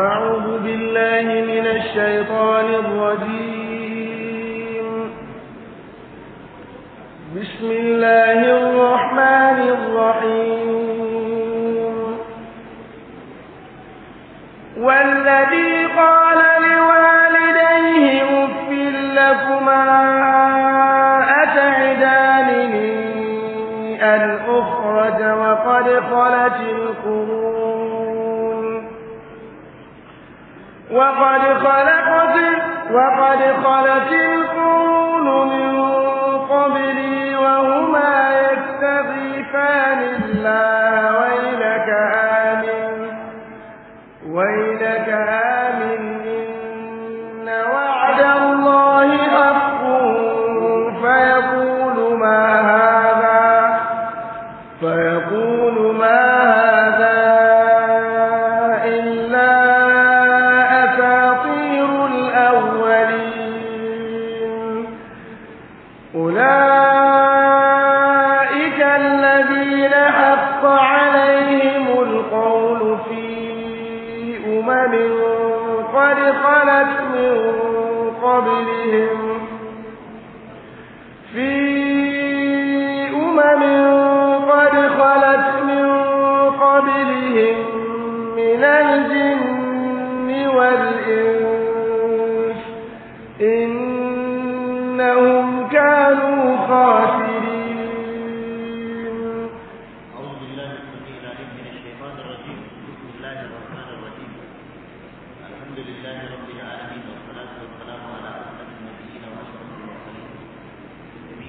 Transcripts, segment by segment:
أعوذ بالله من الشيطان الرجيم بسم الله الرحمن الرحيم والذي قال لوالديه أفل لكما أتعدانني أن أخرج وقد خلت وقد خلقت وقد خلت القرون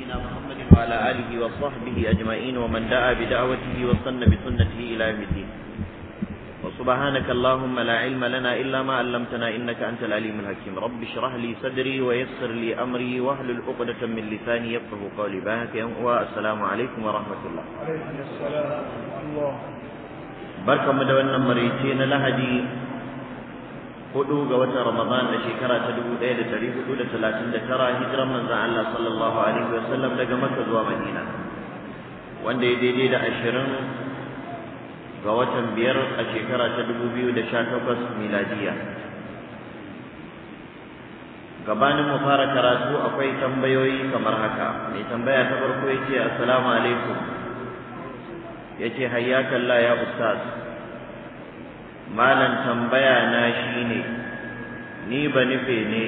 نبينا محمد وعلى آله وصحبه أجمعين ومن دعا بدعوته وصن بسنته إلى يوم الدين وسبحانك اللهم لا علم لنا إلا ما علمتنا إنك أنت العليم الحكيم رب اشرح لي صدري ويسر لي أمري واحلل عقدة من لساني يفقه قولي باهك والسلام عليكم ورحمة الله عليكم السلام ورحمة الله بركة مدونة مريتين لهدي hudu ga watan Ramadan da shekara ta dubu ɗaya da ɗari hudu da talatin da tara hijiran manzan Allah sallallahu alaihi wasallam daga Makka zuwa Madina wanda ya daidai da ashirin ga watan biyar a shekara ta dubu biyu da sha takwas miladiya gabanin mu fara karatu akwai tambayoyi kamar haka mai tambaya ta farko yace assalamu alaikum yace hayyakallah ya ustaz malan tambaya na ne, ni ba nufe ne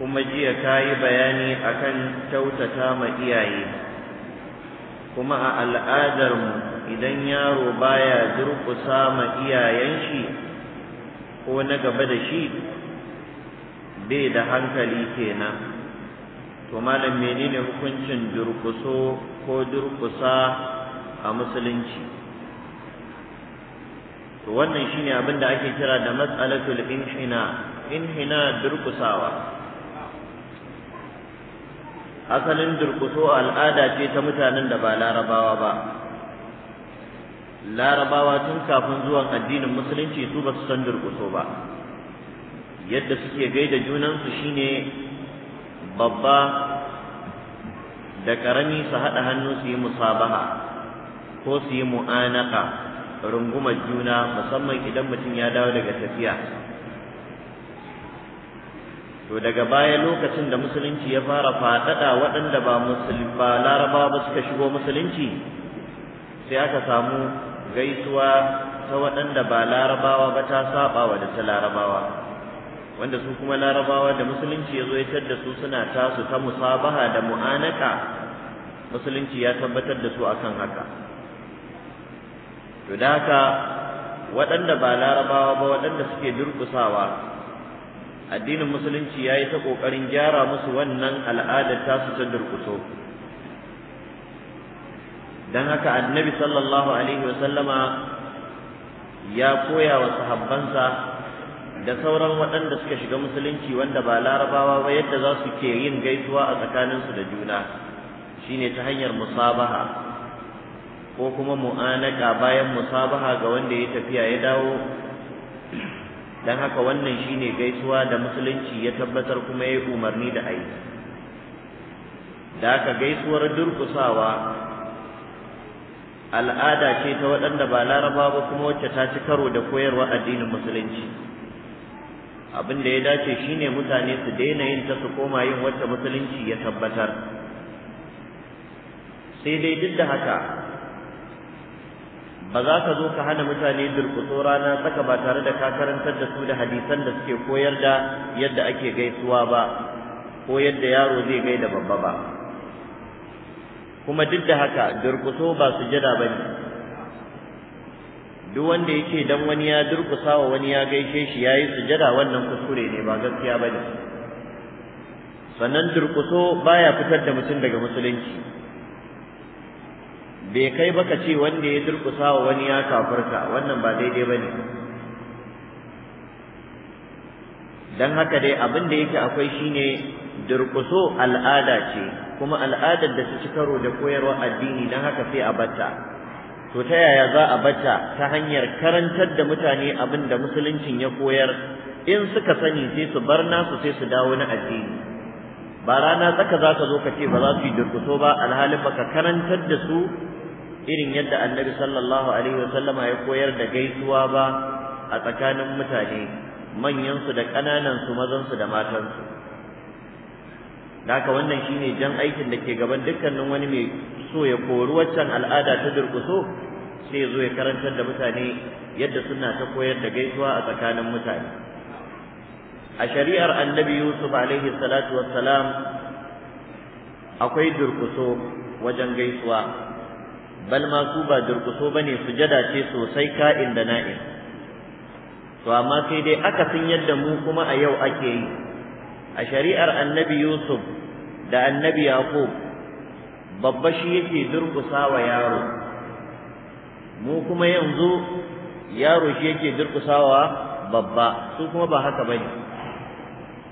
kuma jiya ka yi bayani a kan kyautata ma iyaye kuma a al'adarmu idan yaro baya durƙusa ma iyayen shi ko na gaba da shi bai da hankali kenan to malam menene hukuncin durƙuso ko durkusa a musulunci to wannan shine abin da ake kira da mas'alatul inhina inhina durkusawa asalin durkuso al'ada ce ta mutanen da ba larabawa ba larabawa tun kafin zuwan addinin musulunci su ba su san durkuso ba yadda suke gaida junansu shine babba da ƙarami su haɗa hannu su yi musabaha ko su yi mu'anaka rungumar juna musamman idan mutum ya dawo daga tafiya to daga baya lokacin da musulunci ya fara faɗaɗa waɗanda ba ba laraba ba suka shigo musulunci sai aka samu gaisuwa ta waɗanda ba larabawa ba ta saba wa da ta larabawa wanda su kuma larabawa da musulunci ya zo ya da su suna tasu ta musabaha da mu'anaka musulunci ya tabbatar da su akan haka to da haka waɗanda ba larabawa ba waɗanda suke durƙusawa addinin musulunci ya yi ta ƙoƙarin gyara musu wannan al'adar tasu ta durƙuso don haka annabi sallallahu alaihi wasallama ya koya wa sahabbansa da sauran waɗanda suka shiga musulunci wanda ba larabawa ba yadda za su ke yin gaisuwa a tsakaninsu da juna shine ta hanyar musabaha ko kuma mu'anaka bayan musabaha ga wanda ya tafiya ya dawo dan haka wannan shine gaisuwa da musulunci ya tabbatar kuma ya umarni da ayi da haka gaisuwar durkusawa al'ada ce ta waɗanda ba laraba ba kuma wacce ta ci karo da koyarwa addinin musulunci abin da ya dace shine mutane su daina yin ta su koma yin wacce musulunci ya tabbatar sai dai duk da haka ba za ka zo ka hana mutane durƙuso rana saka ba tare da ka karantar da su da hadisan da suke koyar da yadda ake gaisuwa ba ko yadda yaro zai gaida babba ba kuma duk da haka durƙuso ba su jada ba ne duk wanda yake dan wani ya durƙusa wa wani ya gaishe shi yayi sujada wannan kuskure ne ba gaskiya ba ne sannan durƙuso baya fitar da mutum daga musulunci bai kai baka ce wanda ya durkusa wa wani ya kafirta wannan ba daidai ba ne don haka dai abin da yake akwai shine durkuso al'ada ce kuma al'adar da su ci karo da koyarwa addini don haka sai a batta to ta yaya za a batta ta hanyar karantar da mutane abin da musuluncin ya koyar in suka sani sai su bar nasu sai su dawo na addini ba rana tsaka za ka zo ka ce ba za su yi durkuso ba alhalin baka karantar da su irin yadda annabi sallallahu alaihi wasallama ya koyar da gaisuwa ba a tsakanin mutane manyansu da ƙananansu mazansu da matansu haka wannan shine jan aikin da ke gaban dukkanin wani mai so ya kori waccan al'ada ta durkuso sai zo ya karantar da mutane yadda suna ta koyar da gaisuwa a tsakanin mutane a shari'ar annabi yusuf alaihi salatu wassalam akwai durkuso wajen gaisuwa bal ma su ba durkuso bane sujada ce sosai ka'in da na'in to amma sai dai aka san yadda mu kuma a yau ake yi a shari'ar annabi yusuf da annabi yaqub babba shi yake durkusa yaro mu kuma yanzu yaro shi yake durkusawa babba su kuma ba haka bane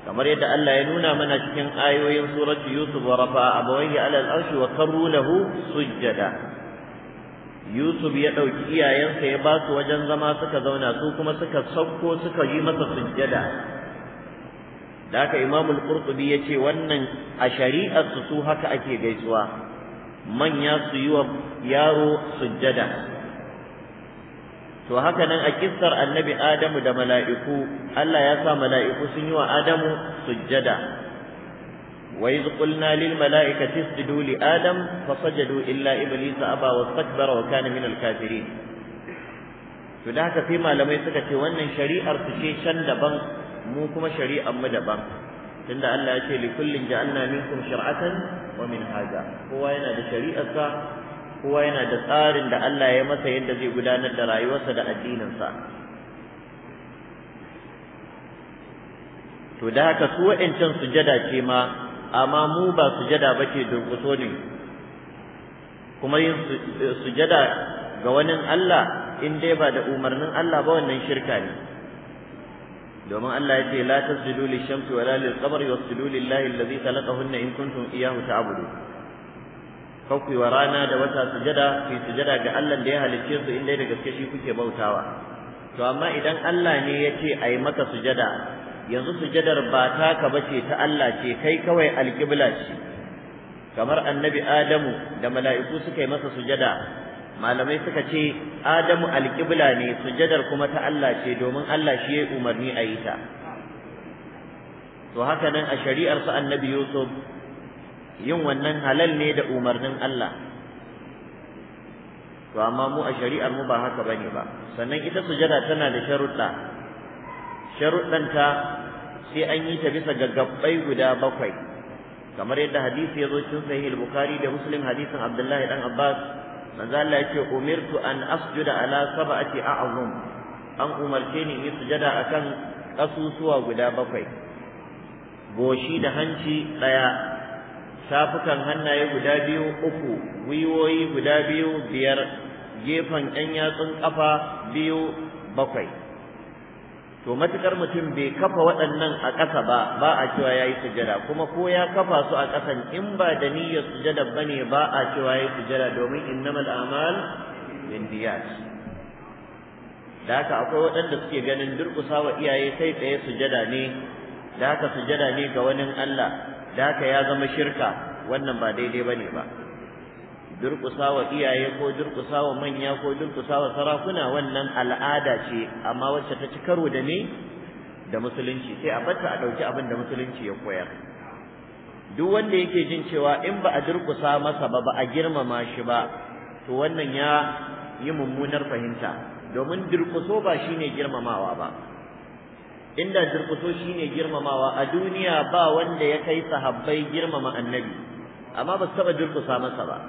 kamar yadda Allah ya nuna mana cikin ayoyin suratu yusuf wa rafa'a abawayhi ala al-arshi wa qarru lahu sujjada Yusuf ya ɗauki iyayensa ya ba su wajen zama suka zauna su kuma suka sauko suka yi masa sujjada da aka Imam al-Qurtubi ya ce wannan a shari'ar su su haka ake gaisuwa manya su yi wa yaro sujjada to haka nan a kissar annabi Adamu da mala'iku Allah ya sa mala'iku sun yi wa Adamu sujjada وإذ قلنا للملائكة اسجدوا لآدم فسجدوا إلا إبليس أبى واستكبر وكان من الكافرين to da haka sai malamai suka ce wannan shari'ar su ce can daban mu kuma shari'ar mu daban tunda Allah ya ce li kullin ja'alna minkum shir'atan wa minhaja kowa yana da shari'ar sa kowa yana da tsarin da Allah ya masa yadda zai gudanar da rayuwarsa da addinin sa to da haka su can sujada ce ma amma mu ba sujada bace durkuso ne kuma yin eh, sujada ga wani Allah in dai ba da umarnin Allah ba wannan shirka ne domin Allah ya ce la tasjudu lishamsi wala lilqamari wasjudu lillahi allazi khalaqahunna in kuntum iyyahu ta'budun kakwai wa rana da wata sujada fi sujada ga Allah da ya halicce su in dai da gaske shi kuke bautawa to amma idan Allah ne ya ce a yi maka sujada yanzu sujadar ba taka bace ta Allah ce kai kawai alqibla ce kamar annabi Adamu da mala'iku suka yi masa sujada malamai suka ce Adamu alqibla ne sujadar kuma ta Allah ce domin Allah shi ya umarni a yi ta to haka nan a shari'ar su annabi Yusuf yin wannan halal ne da umarnin Allah to amma mu a shari'ar mu ba haka bane ba sannan ita sujada tana da sharuɗa sharuɗanta sai an yi ta bisa ga gabbai guda bakwai kamar yadda hadisi ya zo cikin sahih al-bukhari da muslim hadisin abdullahi dan abbas manzo Allah yake umirtu an asjuda ala sab'ati a'zum an umarce ni yi sujada akan kasusuwa guda bakwai goshi da hanci daya safukan hannaye guda biyu uku gwiwoyi guda biyu biyar gefen ɗan yatsun kafa biyu bakwai to matukar mutum bai kafa waɗannan a ƙasa ba ba a cewa yayi sujada kuma ko ya kafa su a ƙasan in ba da niyyar sujada bane ba a cewa yayi sujada domin innamal a'mal binniyat da haka akwai waɗanda suke ganin durƙusa wa iyaye kai tsaye sujada ne da haka sujada ne ga wani Allah da haka ya zama shirka wannan ba daidai bane ba durƙusa wa iyaye ko durƙusa wa manya ko durƙusa wa sarakuna wannan al'ada ce amma wacce ta ci karo da ne da musulunci sai a bata a ɗauki abin da musulunci ya koyar duk wanda yake jin cewa in ba a durƙusa masa ba ba a girmama shi ba to wannan ya yi mummunar fahimta domin durƙuso ba shine girmamawa ba inda durƙuso shine girmamawa a duniya ba wanda ya kai sahabbai girmama annabi amma ba su taɓa durƙusa masa ba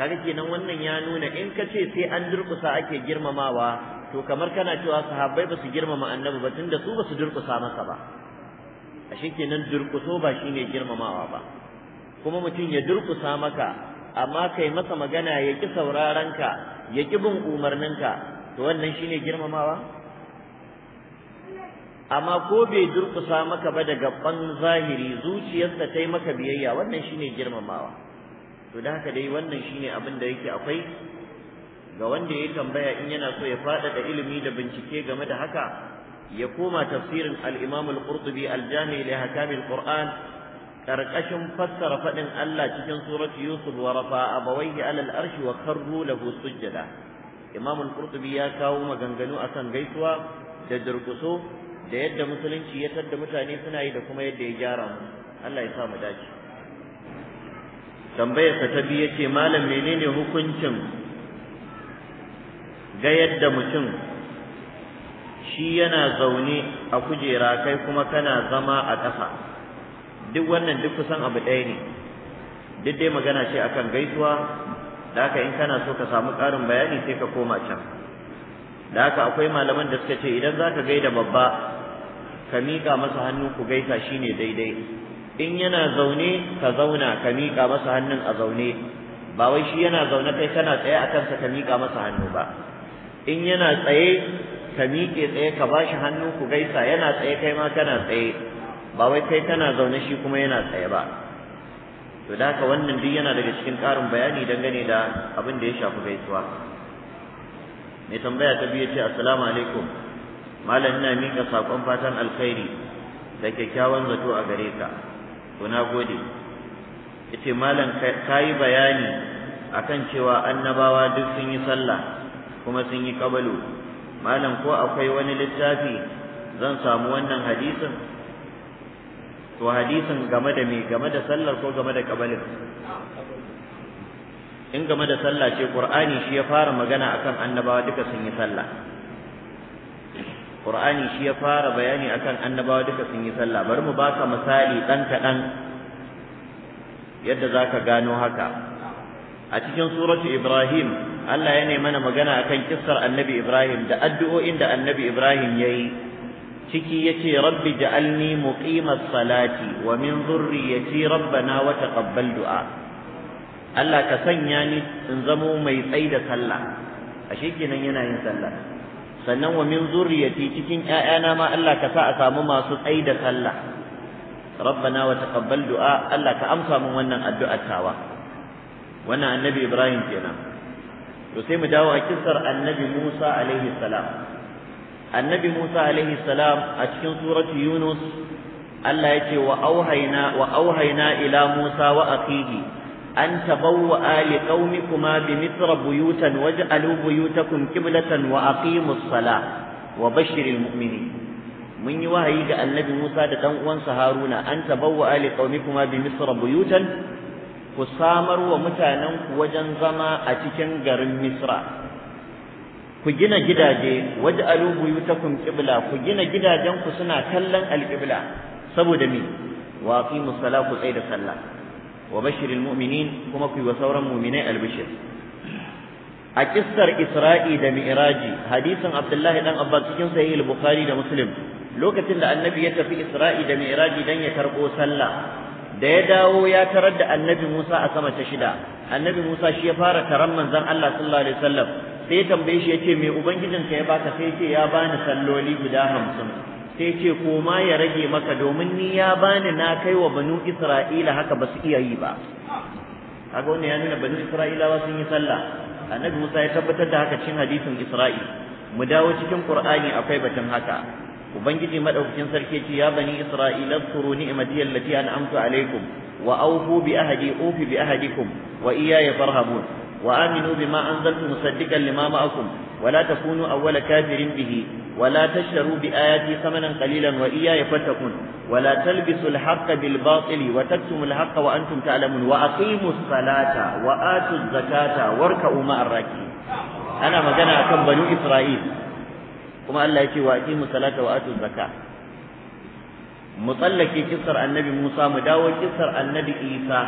kaga kenan wannan ya nuna in ka ce sai an durƙusa ake girmamawa to kamar kana cewa sahabbai ba su girmama annabi ba tunda su ba su durƙusa masa ba ashe kenan durƙuso ba shine girmamawa ba kuma mutum ya durƙusa maka amma kai masa magana ya ƙi sauraron ka ya ƙi bin umarninka to wannan shine girmamawa amma ko bai durƙusa maka ba daga ban zahiri zuciyarsa ta maka biyayya wannan shine girmamawa to da haka dai wannan shine abin da yake akwai ga wanda ya tambaya in yana so ya faɗaɗa ilimi da bincike game da haka ya koma tafsirin al-Imam al-Qurtubi al-Jami li al-Qur'an karkashin fassara faɗin Allah cikin surat Yusuf wa rafa'a abawaihi alal arshi wa kharru lahu sujjada Imam al-Qurtubi ya kawo maganganu akan gaisuwa da durkuso da yadda musulunci ya tadda mutane suna yi da kuma yadda ya gyara mu Allah ya sa mu dace tambayar ta biyu ce malam menene hukuncin ga yadda mutum shi yana zaune a kujera kai kuma kana zama a ƙasa duk wannan duk kusan abu ɗaya ne duk dai magana ce akan gaisuwa da haka in kana so ka samu ƙarin bayani sai ka koma can da haka akwai malaman da suka ce idan za ka gaida babba ka miƙa masa hannu ku gaisa shine daidai in yana zaune ka zauna ka miƙa masa hannun a zaune ba wai shi yana zaune kai kana tsaye a kansa ka miƙa masa hannu ba in yana tsaye ka miƙe tsaye ka ba shi hannu ku gaisa yana tsaye kai ma kana tsaye ba wai kai kana zaune shi kuma yana tsaye ba to da haka wannan duk yana daga cikin ƙarin bayani dangane da abin da ya shafi gaisuwa mai tambaya ta biyu ce assalamu alaikum malam ina miƙa saƙon fatan alkhairi da kyakkyawan zato a gare ka to na gode yace malam yi bayani akan cewa annabawa duk sun yi sallah kuma sun yi kabalu malam ko akwai wani littafi zan samu wannan hadisin to hadisin game da me game da sallar ko game da kabalin in game da sallah ce qur'ani shi ya fara magana akan annabawa duka sun yi sallah Qur'ani shi ya fara bayani akan annabawa duka sun yi sallah bari mu baka misali dan kaɗan yadda zaka gano haka a cikin suratu Ibrahim Allah ya ne mana magana akan kissar annabi Ibrahim da addu'o'in da annabi Ibrahim ya yi ciki ya ce rabbi ja'alni muqimas salati wa min zurriyati rabbana wa taqabbal du'a Allah ka sanya ni in zamo mai tsaida sallah ashe kenan yana yin sallah sannan wa min zurriyati cikin ƴaƴana ma Allah ka sa a samu masu tsayi da sallah rabbana wa taqabbal du'a Allah ka amsa min wannan addu'ar tawa wannan annabi Ibrahim kenan to sai mu dawo a kissar annabi Musa alaihi salam annabi Musa alaihi salam a cikin suratu Yunus Allah ya wa auhayna wa auhayna ila Musa wa akhihi أن تبوأ لقومكما بمصر بيوتا واجعلوا بيوتكم قبلة وأقيموا الصلاة وبشر المؤمنين من يوهي النبي موسى تتنقون سهارونا أن تبوأ لقومكما بمصر بيوتا كسامر ومتانا وجنزما أتكن غرم مصر كجنا جدا جي واجعلوا بيوتكم قبلة كجنا جدا جنك كلا القبلة سبو دمي وأقيموا الصلاة وقيد الصلاة wa bashiril mu'minin kuma ku wa sauran mu'minai albishir a kissar Isra'i da Mi'raji hadisin Abdullahi ɗan Abbas cikin sahih al da Muslim lokacin da annabi ya tafi Isra'i da Mi'raji dan ya karbo sallah da ya dawo ya tarar da annabi Musa a sama ta shida annabi Musa shi ya fara taron manzon Allah sallallahu alaihi wasallam sai ya tambaye shi yace me ubangijinka ya baka sai ya ce ya bani salloli guda hamsin. sai ce koma ya rage maka domin ni ya bani na kai wa banu isra'ila haka ba su iya yi ba kaga wannan ya nuna banu ba sun yi sallah annabi musa ya tabbatar da haka cikin hadisin isra'il mu dawo cikin qur'ani akwai batun haka ubangiji madaukakin sarki ce ya bani isra'ila zkuru ni'mati allati an'amtu alaikum wa awfu bi ahdi ufi bi ahdikum wa iyaya farhabun wa aminu bima anzaltu musaddiqan lima ma'akum wa la takunu awwala kafirin bihi ولا تشتروا بآياتي ثمنا قليلا وإياي فاتقون ولا تلبسوا الحق بالباطل وتكتموا الحق وأنتم تعلمون وأقيموا الصلاة وآتوا الزكاة واركعوا مع الراكعين أنا ما كان أكم بنو إسرائيل كما الله يقول وأقيموا الصلاة وآتوا الزكاة مطلق كسر النبي موسى مداوى كسر النبي إيسى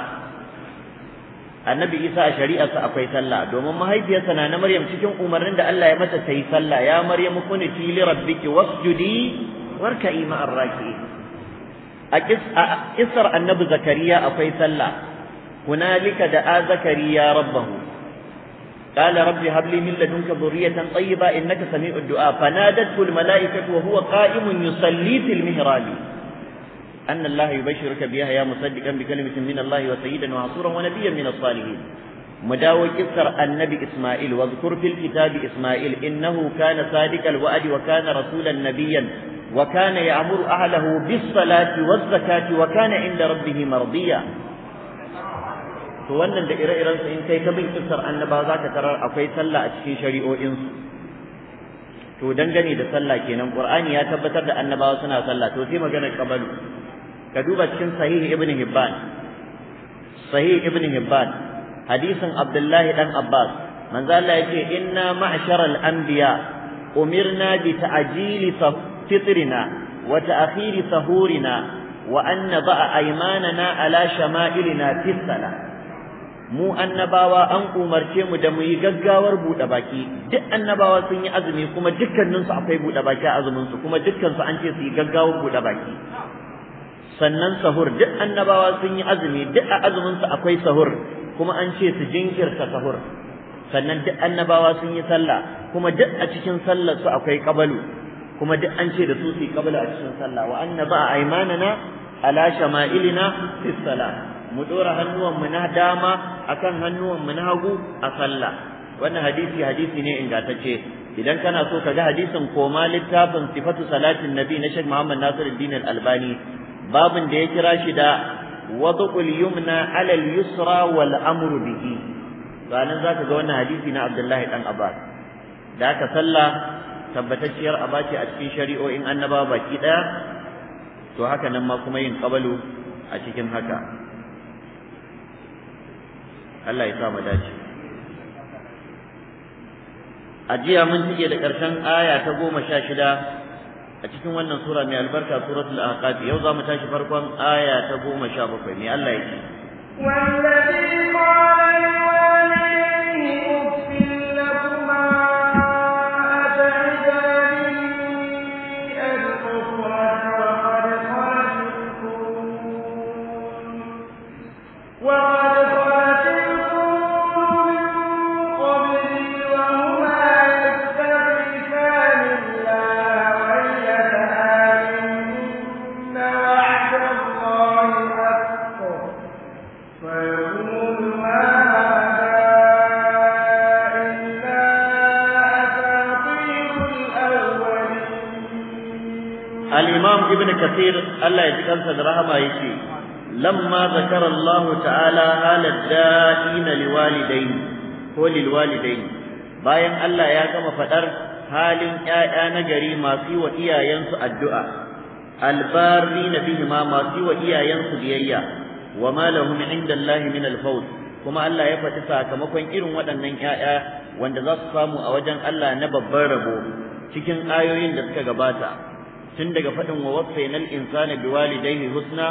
annabi isa a shari'arsa akwai sallah domin mahaifiyarsa na maryam cikin umarnin da Allah ya mata ta yi sallah ya maryam kuni ti li rabbiki wasjudi warka'i ma'ar raki'in a kisar annabi zakariya akwai sallah hunalika a zakariya rabbahu قال رب هب لي من لدنك ذرية طيبة إنك سميع الدعاء فنادته الملائكة وهو قائم يصلي في المهراب أن الله يبشرك بيحيى مصدقا بكلمة من الله وسيدا وعصورا ونبيا من الصالحين مداوي كسر النبي إسماعيل واذكر في الكتاب إسماعيل إنه كان صادق الوعد وكان رسولا نبيا وكان يأمر أهله بالصلاة والزكاة وكان عند ربه مرضيا to wannan da ire-irensu in kai ta bin kissar annaba za ka tarar akwai sallah a cikin shari'o'insu to dangane da sallah kenan qur'ani ya tabbatar da annabawa suna sallah to sai maganar kabalu ka duba cikin sahihi ibn hibban sahihi ibn hibban hadisin abdullahi dan abbas manzo Allah yace inna ma'sharal anbiya umirna bi ta'jili fitrina wa ta'khiri sahurina wa an nada'a aymanana ala shama'ilina fi mu annabawa an umarce mu da mu yi gaggawar buɗe baki duk annabawa sun yi azumi kuma dukkaninsu akwai buɗe baki a azuminsu kuma dukkansu an ce su yi gaggawar buɗe baki sannan sahur duk annabawa sun yi azumi duk a azuminsu akwai sahur kuma an ce su jinkirta sahur sannan duk annabawa sun yi sallah kuma duk a cikin sallar su akwai kabalu kuma duk an ce da su su kabalu a cikin sallah wa a ba aymanana ala shama'ilina fi salah mu dora hannuwan mu na dama akan hannuwan mu na hagu a sallah wannan hadisi hadisi ne ingantacce idan kana so ka ga hadisin koma littafin sifatu salatin nabi na Sheikh Muhammad Nasiruddin Al-Albani babin da ya kira shi da wadqul yumna ala al-yusra wal amru bihi za zaka ga wannan hadisi na Abdullahi dan Abbas da aka sallah tabbatacciyar abaci a cikin shari'o'in annaba baki daya to haka nan ma kuma yin kabalu a cikin haka Allah ya sa mu dace a jiya mun cike da ƙarshen aya ta goma sha shida a cikin wannan sura mai albarka suratul ahqaf yau za mu tashi farkon aya ta 17 ne Allah yake wallazi qala li walihi kathir Allah ya ji kansa da rahama yake lamma zakara Allah ta'ala halad da'in liwalidain ko lilwalidain bayan Allah ya gama faɗar halin 'ya'ya na gari masu wa iyayensu addu'a albarina bihima masu wa iyayensu biyayya wa ma inda Allah min alfawz kuma Allah ya faɗi sakamakon irin waɗannan 'ya'ya wanda za su samu a wajen Allah na babban rabo cikin ayoyin da suka gabata tun daga faɗin wa wasaina al-insana biwalidayhi husna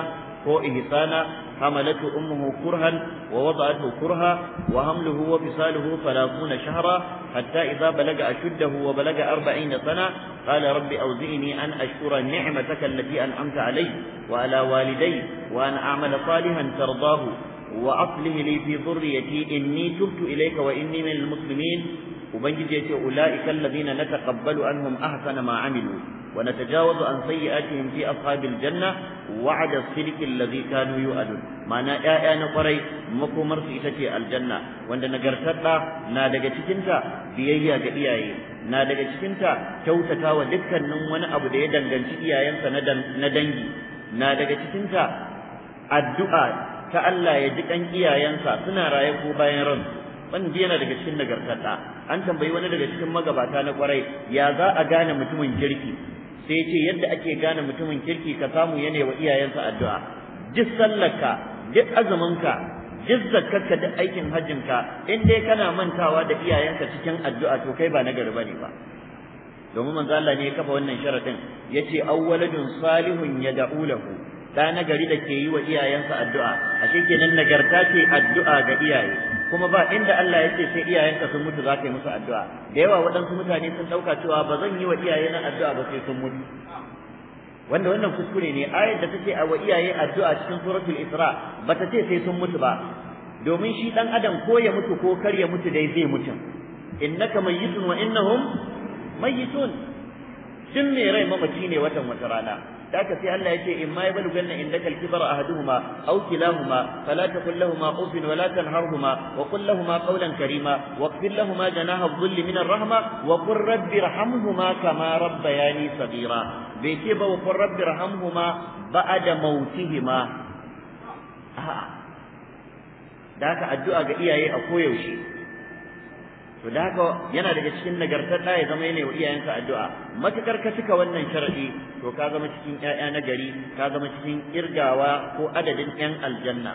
ko ihsana hamalatu ummuhu kurhan wa wada'athu kurha wa hamluhu wa fisaluhu 30 shahra hatta idza balaga ashuddahu wa balaga 40 sana qala rabbi awzi'ni an ashkura ni'mataka allati an'amta alayya wa ala walidayya wa an a'mala salihan tardahu wa aslih li fi dhurriyyati inni tubtu ilayka wa inni minal muslimin ubangiji yace ulaika alladhina nataqabbalu anhum ahsana ma 'amilu ونتجاوز عن سيئاتهم في أصحاب الجنة وعد الصدق الذي كانوا يؤدون معنى يا أنا قري مكو مرسي تتي الجنة وند نجرتها نادق تكنتا بيئيا كإيائي نادق تكنتا كوتتا ودكا نمون أبو ديدا جنشي إيائي ندنجي نادق تكنتا الدعاء كألا يجد أن إيائي سنا رايكو باين رمز wannan yana daga cikin nagartarta an tambayi wani daga cikin magabata na kwarai ya za a gane mutumin kirki sai ya ce yadda ake gane mutumin kirki ka samu ya wa iyayensa addu'a duk sallarka duk azuminka duk zakkarka duk aikin hajjinka in dai kana mantawa da iyayenka cikin addu'a to kai ba na gari bane ba domin manzo Allah ne ya kafa wannan sharadin yace awwaladun salihun yad'u lahu da nagari da ke yi wa iyayensa addu'a ashe kenan nagarta ce addu'a ga iyaye kuma ba inda Allah ya ce sai iyayenka sun mutu za ka yi musu addu'a da yawa waɗansu mutane sun ɗauka cewa ba zan yi wa iyayena addu'a ba sai sun mutu wanda wannan kuskure ne ayar da take a wa iyaye addu'a cikin suratul isra ba ta ce sai sun mutu ba domin shi ɗan adam ko ya mutu ko kar ya mutu dai zai mutu innaka mayyitun wa innahum mayyitun shin me rai mamaci ne watan wata rana ذاك في الله يجي إما يبلغن عندك الكبر أهدهما أو كلاهما فلا تقل لهما أف ولا تنهرهما وقل لهما قولا كريما واغفر لهما جناه الظل من الرحمة وقل رب ارحمهما كما ربياني صغيرا بيتيبا وقل رب ارحمهما بعد موتهما آه. ذاك الدعاء إياه أقوى يوشي to da haka yana daga cikin nagartar da ya zama yana wa iyayensa addu'a matukar ka cika wannan sharadi to ka zama cikin ƴaƴa na gari ka zama cikin irgawa ko adadin ƴan aljanna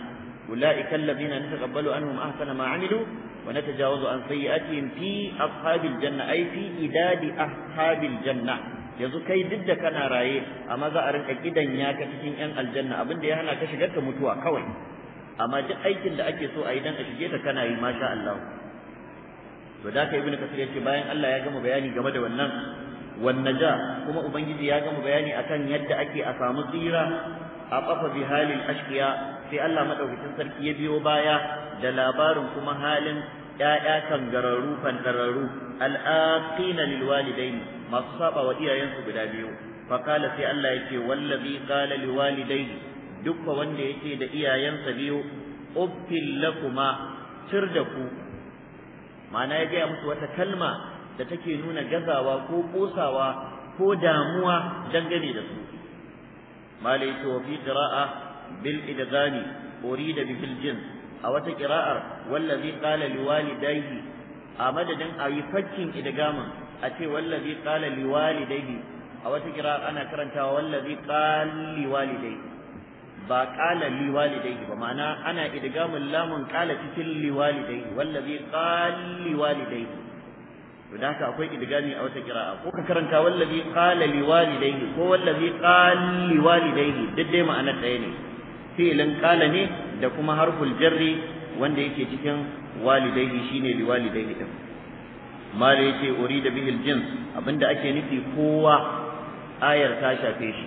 أولئك الذين نتقبل عنهم أحسن ما عملوا ونتجاوز عن سيئاتهم في أصحاب الجنة أي في إداد أصحاب الجنة yanzu kai duk da kana raye amma za a rinka gidan ya ka cikin yan aljanna abin ya hana ka shigar ka mutuwa kawai amma duk aikin da ake so a yi dan a shige ta kana yi masha Allah to da ka ibnu kasir yace bayan Allah ya gama bayani game da wannan wannaja kuma ubangiji ya gama bayani akan yadda ake a samu tsira a kafa bi halin ashqiya sai Allah madaukakin sarki ya biyo baya da labarin kuma halin ƴaƴa kangararru fantararru al'aqina lil masu saba wa iyayensu guda biyu Fakala sai Allah yake wallazi qala li walidaini dukkan wanda yake da iyayensa biyu uffil lakuma cir da ku ma'ana ya gaya musu wata kalma da take nuna gazawa ko kosawa ko damuwa dangane da su malai to fi qira'a bil idgani urida fil jin. a wata qira'ar wallazi qala liwalidayhi a madadin ayi fakkin idgamin a ce wallazi qala liwalidayhi a wata qira'a ana karantawa wallazi qala liwalidayhi ba qala li walidayhi ba ma'ana ana idgamul lamun qala cikin li walidayhi wallazi qala li walidayhi to da haka akwai idgami a wata qira'a ko ka karanta wallazi qala li walidayhi ko wallazi qala li walidayhi duk dai ma'anar ɗaya ne fi'ilin qala ne da kuma harful jarri wanda yake cikin walidayhi shine li walidayhi din Mare yake urida bihil jins abinda ake nufi kowa ayar ta shafe shi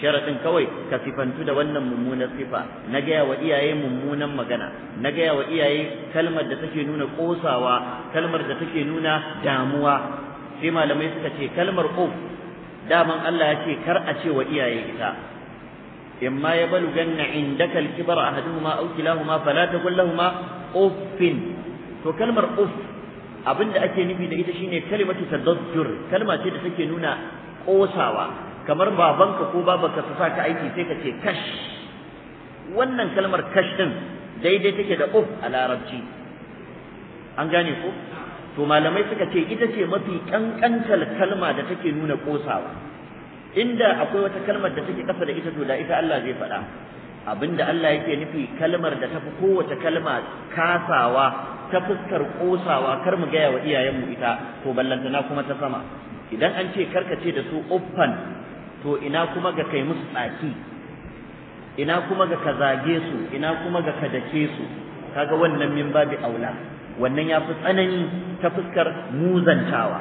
sharaɗin kawai ka sifantu da wannan mummunar sifa na gaya wa iyaye mummunan magana na gaya wa iyaye kalmar da take nuna ƙosawa kalmar da take nuna damuwa sai malamai suka ce kalmar uf daman Allah ya ce kar a ce wa iyaye ita ma ya baluganna indaka alkibar ahaduhuma aw kilahuma fala taqul lahumu uffin to kalmar uf abinda ake nufi da ita shine kalimatu tadajjur kalma ce da take nuna ƙosawa kamar babanka ko babanka su sa ta aiki sai ka ce kash wannan kalmar kash din daidai take da uf a larabci an gane ko to malamai suka ce ita ce mafi kankantar kalma da take nuna kosawa inda akwai wata kalmar da take kasa da ita to da ita Allah zai faɗa abinda Allah yake nufi kalmar da tafi kowace kalma kasawa ta fuskar kosawa kar mu gaya wa iyayenmu ita to ballantana kuma ta sama idan an ce karkace da su uffan to ina kuma ga kai musu tsaki ina kuma ga ka zage su ina kuma ga ka dace su kaga wannan min babi aula wannan ya fi tsanani ta fuskar muzantawa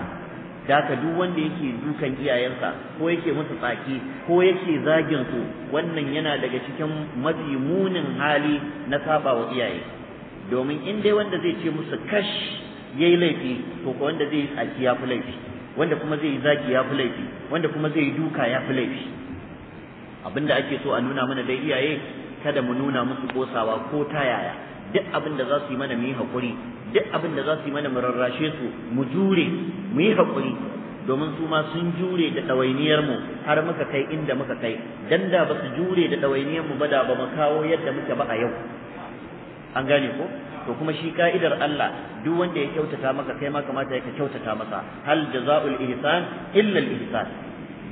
da ka duk wanda yake dukan iyayensa ko yake musu tsaki ko yake zagin su wannan yana daga cikin mafi munin hali na saba wa iyaye domin in dai wanda zai ce musu kash yayi laifi to ko wanda zai yi tsaki ya fi laifi wanda kuma zai yi zagi ya fi laifi wanda kuma zai yi duka ya fi laifi abinda ake so a nuna mana dai iyaye kada mu nuna musu kosawa ko ta yaya duk abin da za su yi mana mu yi haƙuri duk abin da za su yi mana mu rarrashe su mu jure mu yi haƙuri domin su ma sun jure da ɗawainiyar mu har muka kai inda muka kai dan da ba su jure da ɗawainiyar mu ba da ba mu kawo yadda muke ba a yau an gane ko to kuma shi ka'idar Allah duk wanda ya kyautata maka kai ma kamata ya kyautata masa hal jazaul ihsan illa al ihsan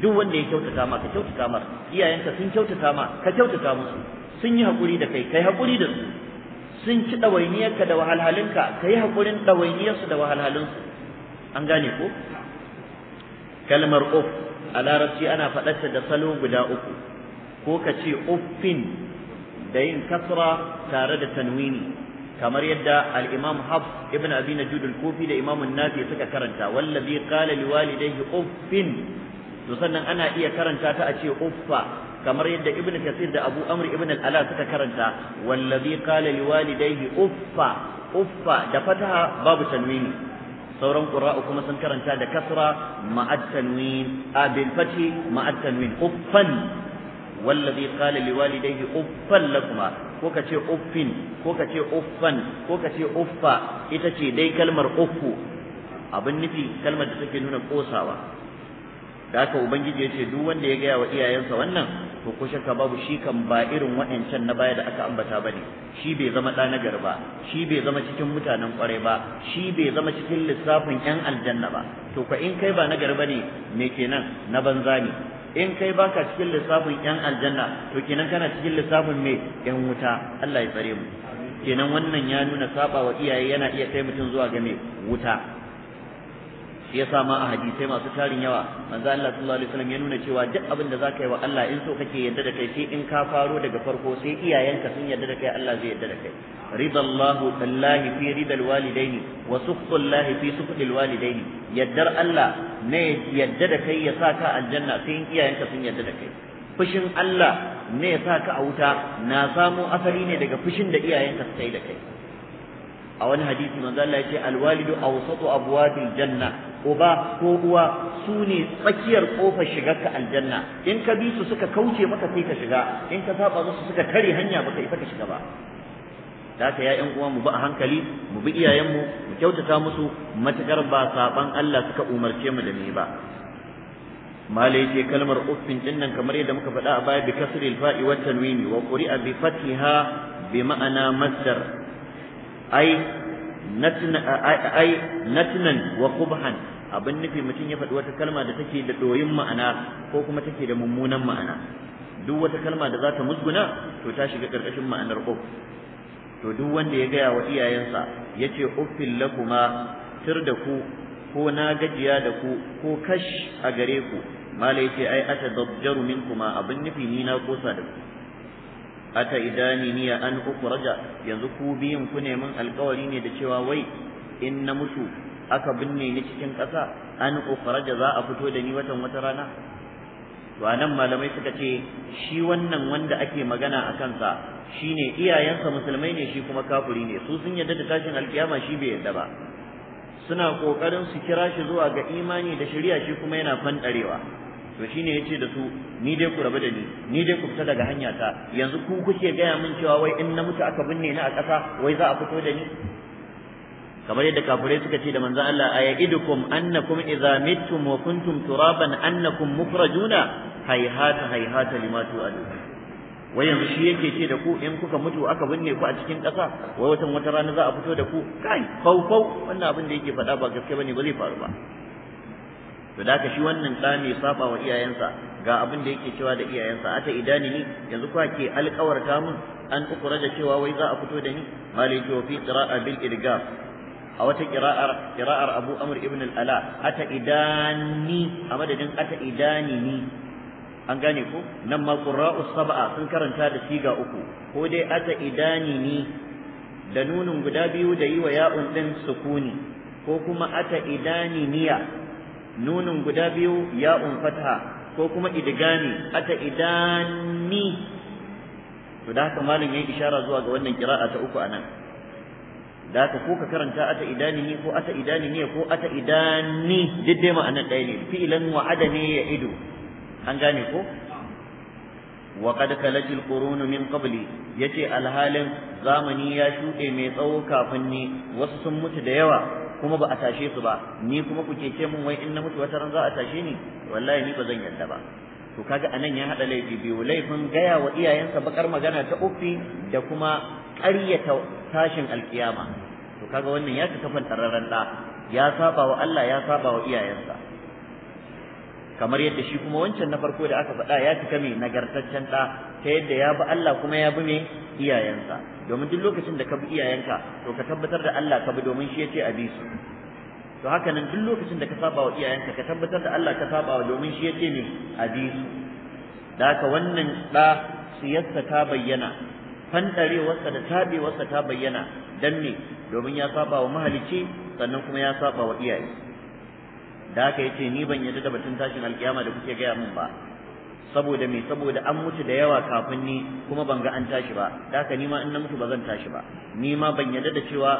duk wanda ya kyautata ma ka kyautata mar iyayenka sun kyautata ma ka kyautata musu sun yi hakuri da kai kai hakuri da su sun ci ɗawainiyarka da wahalhalinka ka yi hakurin ɗawainiyarsu da wahalhalinsu an gane ko kalmar uf a larabci ana faɗarta da salo guda uku ko ka ce uffin da yin kasra tare da tanwini kamar yadda al-Imam Hafs ibn Abi Najud al-Kufi da Imam Nafi suka karanta wallazi qala liwalidayhi uffin to sannan ana iya karanta ta a ce uffa kamar yadda Ibn Kathir da Abu Amr ibn al-Ala suka karanta wallazi qala liwalidayhi uffa uffa da fataha babu tanwini sauran qura'u kuma sun karanta da kasra ma'at tanwin abil fathi ma'at tanwin uffan wallazi qala liwalidayhi uffan lakuma ko kace uffin ko kace uffan ko kace uffa ita ce dai kalmar uffu abin nufi kalmar da take nuna kosawa da haka ubangiji ya ce duk wanda ya gaya wa iyayensa wannan to ko shakka babu shi kan ba irin wa'ancan na baya da aka ambata bane shi bai zama ɗa na garba shi bai zama cikin mutanen kwarai ba shi bai zama cikin lissafin yan aljanna ba to ka in kai ba na garba ne me kenan na banza ne in kai baka cikin lissafin yan aljanna to kenan kana cikin lissafin me yan wuta Allah ya tsare mu kenan wannan ya nuna saba wa iyaye yana iya kai mutum zuwa ga me wuta shi yasa ma a hadisai masu tarin yawa manzo Allah sallallahu alaihi wasallam ya nuna cewa duk abin da zaka yi wa Allah in so kake yadda da kai sai in ka faro daga farko sai iyayenka sun yadda da kai Allah zai yadda da kai ridallahu tallahi fi ridal walidaini wa sukhtullahi fi sukhil walidaini yaddar Allah ne yadda da kai ya sa ka aljanna sai in iyayenka sun yadda da kai fushin Allah ne ya sa ka a wuta na samo asali ne daga fushin da iyayenka suka yi da kai a wani hadisi manzo Allah ya ce alwalidu awsatu abwabil janna uba ko uwa su ne tsakiyar kofar shigar ka aljanna in ka bi su suka kauce maka sai ka shiga in ka saba su suka kare hanya baka isa ka shiga ba da ka ya'yan uwa mu bi a hankali mu bi iyayenmu mu kyautata musu matakar ba saban Allah suka umarce mu da ni ba mala ce kalmar uffin din nan kamar yadda muka faɗa a baya bi kasri alfa'i wa tanwini wa quri'a bi fatiha bi ma'ana masdar ai ai natnan wa qubhan abin nufi mutum ya faɗi wata kalma da take da doyin ma'ana ko kuma take da mummunan ma'ana duk wata kalma da za ta musguna to ta shiga ƙarƙashin ma'anar uf to duk wanda ya gaya wa iyayensa ya ce uffin lakuma tir da ku ko na gajiya da ku ko kash a gare ku mala ce, ai ata dabjaru kuma abin nufi ni na kosa da ku ata idani niya an uku raja. yanzu ku biyin ku ne mun alƙawari ne da cewa wai in na mutu aka binne ni cikin ƙasa an da za a fito da ni watan wata rana to anan malamai suka ce shi wannan wanda ake magana a kansa shine iyayensa musulmai ne shi kuma kafiri ne su sun yarda da tashin alkiyama shi bai yarda ba suna kokarin su kira shi zuwa ga imani da shari'a shi kuma yana darewa to shine yace da su ni dai ku rabu da ni ni dai ku fita daga hanyata yanzu ku kuke gaya min cewa wai in na mutu aka binne ni a ƙasa wai za a fito da ni kamar yadda kafirai suka ce da manzo Allah idukum annakum idza mittum wa kuntum turaban annakum mukhrajuna hayhata hayhata lima tu'adu wai yanzu shi yake ce da ku in kuka mutu aka binne ku a cikin ƙasa wai watan wata rana za a fito da ku kai kau-kau wannan abin da yake faɗa ba gaske bane ba zai faru ba to da ka shi wannan ɗa ne saba wa iyayensa ga abin da yake cewa da iyayensa ata idani ni yanzu kwa ke alƙawarta mun an ukura da cewa wai za a fito da ni malai ce fi qira'a bil irgaf a wata kira'ar kira'ar Abu Amr ibn al-Ala ata idani a madadin ata idani ni an gane ko nan ma qurra'u sab'a sun karanta da siga uku ko dai ata idani ni da nunun guda biyu da yi wa ya'un din sukuni ko kuma ata idani niya nunun guda biyu ya'un fatha ko kuma idgani ata idani to da haka malam yayi ishara zuwa ga wannan kira'a ta uku anan da ka ko ka karanta ata idanihi ko ata idanihi ko ata idani duk dai ma'anar ɗaya ne fi'ilan wa adani ya ido an gane ko wa qad kalat al qurun min qabli yace alhalin zamani ya shuɗe mai tsawo kafin ni wasu sun mutu da yawa kuma ba a tashe su ba ni kuma ku ce mun wai in na mutu wata ran za a tashe ni wallahi ni ba zan yarda ba to kaga anan ya hada laifi biyu laifin gaya wa iyayensa bakar magana ta uffi da kuma ƙaryata tashin alkiyama to kaga wannan ya ci kafan tararren da ya saba wa Allah ya saba wa iyayensa kamar yadda shi kuma wancan na farko da aka faɗa ya cika mai nagartaccen ɗa ta yadda ya bi Allah kuma ya bi mai iyayensa domin duk lokacin da ka bi iyayenka to ka tabbatar da Allah ka bi domin shi ya ce a bi su to haka nan duk lokacin da ka saba wa iyayenka ka tabbatar da Allah ka saba wa domin shi ya ce ne a bi su da haka wannan ɗa siyarsa ta bayyana fandarewarsa da tabewarsa ta bayyana dan ne domin ya saba wa mahalicci sannan kuma ya saba wa iyaye da yi yace ni ban yadda da batun tashin alkiyama da kuke gaya min ba saboda me saboda an mutu da yawa kafin ni kuma ban ga an tashi ba da aka ni in na mutu ba zan tashi ba ni ma ban yarda da cewa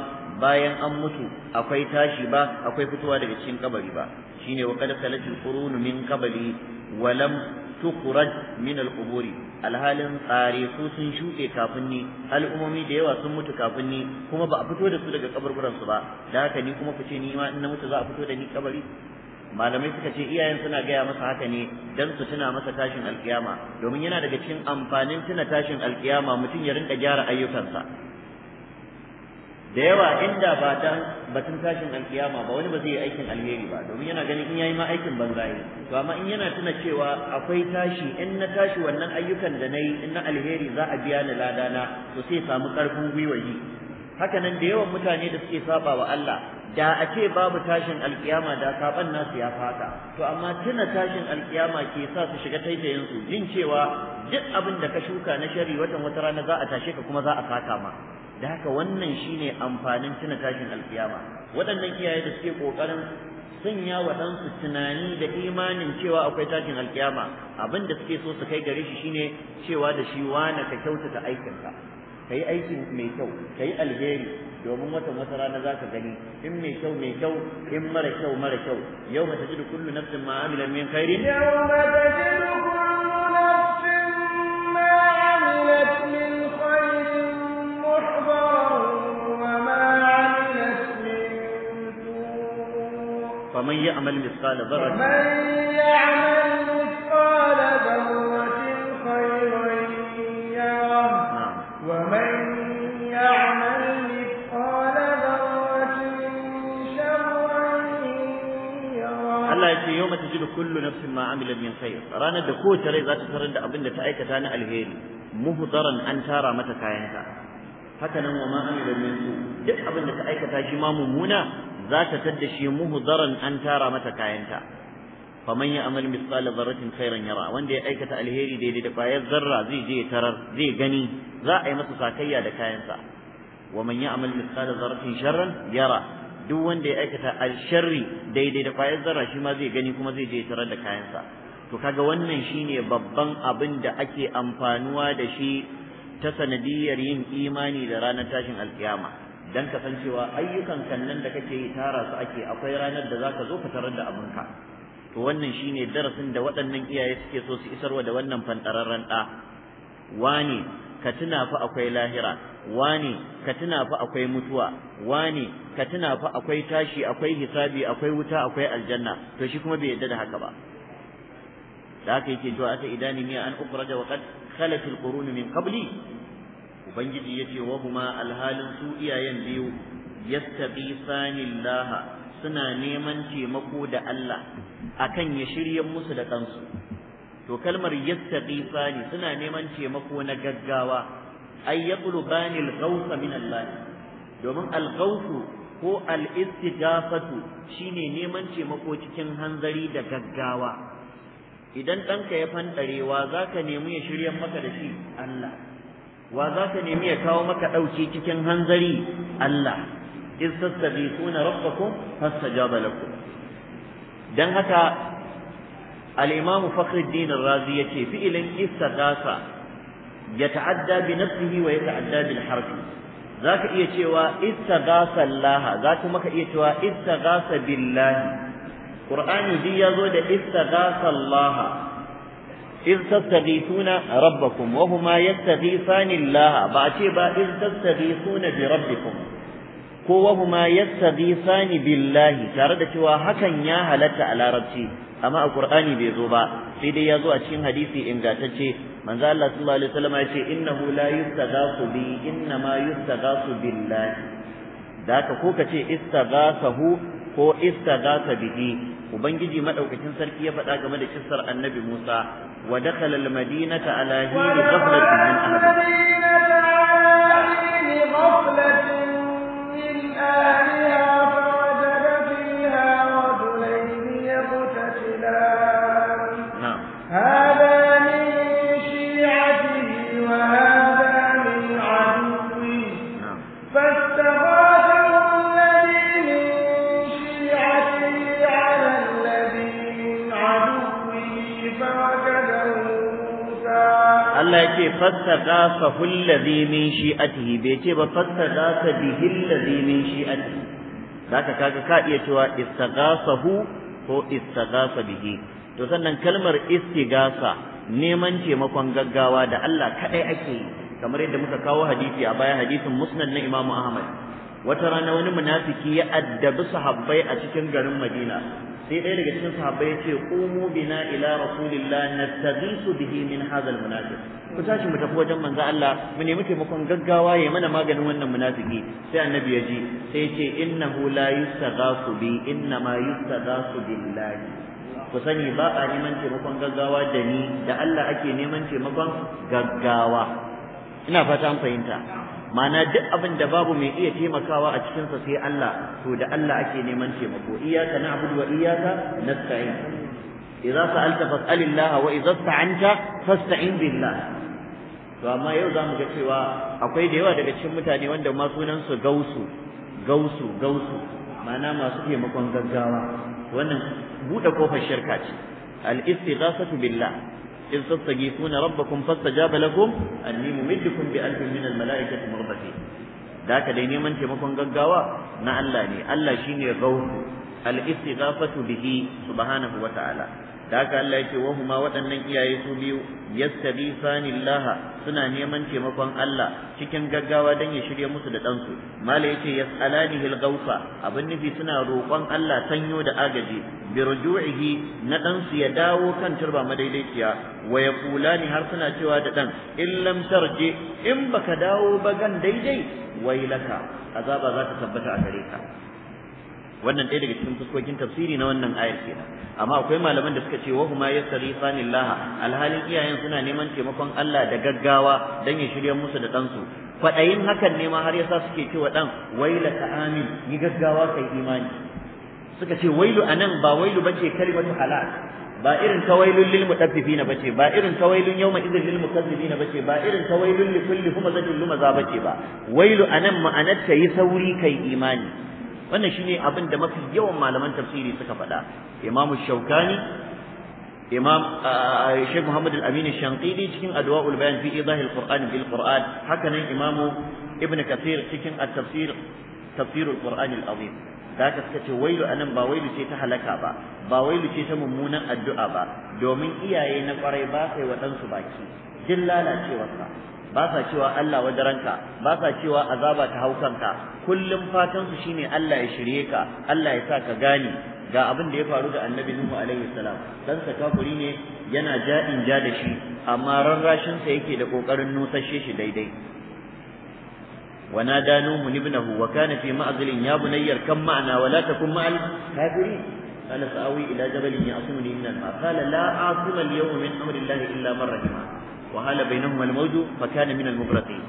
bayan an mutu akwai tashi ba akwai fitowa daga cikin kabari ba shine wa qad khalatil qurun min qabli wa lam tukhraj min al-quburi alhalin tsare su sun shuɗe kafin ni al'ummomi da yawa sun mutu kafin ni kuma ba a fito da su daga kaburburan su ba da haka ni kuma ku ce ni ma in na mutu za a fito da ni kabari malamai suka ce iyayen suna gaya masa haka ne dan su tuna masa tashin alkiyama domin yana daga cikin amfanin tuna tashin alkiyama mutum ya rinka gyara ayyukansa da yawa inda ba ta batun tashin alkiyama ba wani ba zai yi aikin alheri ba domin yana ganin in yayi ma aikin banza yi. to amma in yana tuna cewa akwai tashi in na tashi wannan ayyukan da nayi in na alheri za a biya ni ladana to sai samu karfin gwiwa yi haka nan da yawan mutane da suke saba wa Allah da a ce babu tashin alkiyama da saban nasu ya fata to amma tuna tashin alkiyama ke sa su shiga taitayin su jin cewa duk abin da ka shuka na shari watan wata rana za a tashe ka kuma za a saka ma da haka wannan shine amfanin tuna tashin alkiyama waɗannan kiyaye da suke ƙoƙarin sanya wa ɗansu tunani da imanin cewa akwai tashin alkiyama abin da suke so su kai gare shi shine cewa da shi wane ka kyautata aikinka ka yi aiki mai kyau ka alheri domin wata wata rana za ka gani in mai kyau mai kyau in mara kyau mara kyau yau ma da kullu nafsin ma min khairin yau ma da kullu nafsin ma ومن يعمل مثقال ذره يوم تجد كل نفس ما عمل من خير رانا دكو تري ذات ترين دا ابن تعيك تانا الهيل مهضرا أن ترى متى كاينتا حتى نمو ما عمل من سوء دك ابن تعيك تاجي ما ممونا za ta tadda shi muhdaran an tara mata kayanta faman ya amal misqala dharratin khairan yara wanda ya aikata alheri daidai da kwayar zarra zai je tarar zai gani za a yi masa sakayya da kayansa wa man ya amal misqala dharratin sharran yara duk wanda ya aikata alsharri daidai da kwayar zarra shi ma zai gani kuma zai je tarar da kayansa to kaga wannan shine babban abin da ake amfanuwa da shi ta sanadiyar yin imani da ranar tashin alkiyama dan cewa ayyukan kannan da kake yi tara su ake akwai ranar da zaka zo ka tarar da abinka to wannan shine darasin da waɗannan iyaye suke so su isarwa da wannan fantararren ɗa wani ka tuna fa akwai lahira wani ka tuna fa akwai mutuwa wani ka tuna fa akwai tashi akwai hisabi akwai wuta akwai aljanna to shi kuma bai yadda da haka ba da haka yake cewa aka idani miya an ukhraja wa qad khalat qurun min qabli ubangiji yace wa huma alhalin su iyayen biyu yastabisani Allah suna neman taimako da Allah akan ya shirye musu da kansu to kalmar yastabisani suna neman taimako na gaggawa ay yaqlubani al min Allah domin al-ghawth ko al-istighafatu shine neman taimako cikin hanzari da gaggawa idan ɗanka ya fanɗarewa za ka nemi ya shirya maka da shi Allah wa za ka nemi ya kawo maka ɗauki cikin hanzari Allah in tastajibuna rabbakum fastajaba lakum dan haka al-imam Fakhruddin ar Razi yace fi'ilin istighasa yata'adda bi nafsihi wa yata'adda bil harf za ka iya cewa istaghasa Allah za ka maka iya cewa istaghasa billahi Qur'ani duk yazo da istaghasa Allah إذ تستغيثون ربكم وهما يستغيثان الله بعشي با إذ تستغيثون بربكم ko wahuma yastaghithani billahi tare da cewa hakan ya halatta a larabci amma a qur'ani bai zo ba sai dai ya zo a cikin hadisi ingantacce manzo Allah sallallahu alaihi wasallam ya ce innahu la yustaghathu bi inna ma yustaghathu billahi da ka ko kace istaghathahu ko istaghatha bihi ubangiji madaukakin sarki ya faɗa game da kissar annabi Musa wa dakhala al-madinata ala hiri ghaflatin min ahliha fastaghasahu alladhi min shi'atihi bai ce ba fastaghasa bihi alladhi min shi'atihi zaka kaga ka iya cewa istaghasahu ko istaghasa bihi to sannan kalmar istigasa neman taimakon gaggawa da Allah kadai ake yi kamar yadda muka kawo hadisi a baya hadisin musnad na Imam Ahmad wata rana wani munafiki ya addabi sahabbai a cikin garin Madina sai ɗaya daga cikin sahabbai ya ce qumu bina ila rasulillah nastaghisu bihi min hadha almunafiq ku tashi mu tafi wajen manzo Allah mu nemi taimakon gaggawa ya mana maganin wannan munafiki sai annabi ya ji sai ya ce innahu la yustaghasu bi inna ma yustaghasu billahi ku sani ba a neman taimakon gaggawa da ni da Allah ake neman taimakon gaggawa ina fata an fahimta ma'ana duk abin da babu mai iya taimakawa a cikinsa sai Allah to da Allah ake neman taimako iyyaka na'budu wa iyyaka nasta'in idza sa'alta fas'alillah wa idza ista'anta fasta'in billah to yau zamu ga cewa akwai da yawa daga cikin mutane wanda ma sunan su gausu gausu gausu ma'ana masu taimakon gaggawa wannan bude kofar shirka ce al istighasatu billah in tastaghifuna rabbakum fastajaba lakum anni mumiddukum bi alfin min al malaikati murdati da ka dai neman taimakon gaggawa na Allah ne Allah shine gausu al istighafatu bihi subhanahu wa ta'ala da haka Allah yake wa huma waɗannan iyaye su biyu yastabisani Allah suna neman taimakon Allah cikin gaggawa dan ya shirye musu da ɗansu mala yace yas'alanihi Alani ghawfa abin nufi suna roƙon Allah sanyo da agaji bi ruju'ihi na ɗansu ya dawo kan turba madaidaiciya wa yaqulani har suna cewa da ɗan in lam tarji in baka dawo ba gan daidai wailaka azaba za ta tabbata a gare ka wannan ɗaya daga cikin fuskokin tafsiri na wannan ayar kenan amma akwai malaman da suka ce wa huma yastaghisani Allah alhalin iyayen suna neman taimakon Allah da gaggawa dan ya shirya musu da ɗansu kwaɗayin hakan ne ma har yasa suke cewa ɗan waila ka amin yi gaggawa kai imani suka ce wailu anan ba wailu bace kalimatu halal ba irin tawailun lil mutaffifina bace ba irin tawailun yawma idhil lil mukazzibina bace ba irin tawailun li kulli humazatin lumaza bace ba wailu anan ma'anar ta yi sauri kai imani wannan shine abin da mafi yawan malaman tafsiri suka faɗa imamu shaukani imam shaykh muhammad al-amin shanqidi cikin adwa'ul bayan fi idah al-qur'an bil qur'an haka nan imamu ibn kathir cikin at-tafsir tafsir al-qur'an al-azim da ka suka ce wailu anan ba wailu ce ta halaka ba ba wailu ce ta mummunan addu'a ba domin iyaye na kwarai ba sai wadansu baki jin lalacewarsa ba sa cewa Allah wadaranka ba sa cewa azaba ta haukanka kullum fatan su shine Allah ya shirye ka Allah ya sa ka gane ga abin da ya faru da Annabi Nuhu alaihi salam dan sa ne yana ja'in ja da shi amma rarrashin sa yake da kokarin nusashe shi daidai ونادى نوح ابنه وكان في معزل يا بني اركب معنا ولا تكن مع الكافرين قال سآوي إلى جبل يعصمني من الماء قال لا عاصم اليوم من أمر الله إلا من رحمه وهال بينهما الموج فكان من المغرقين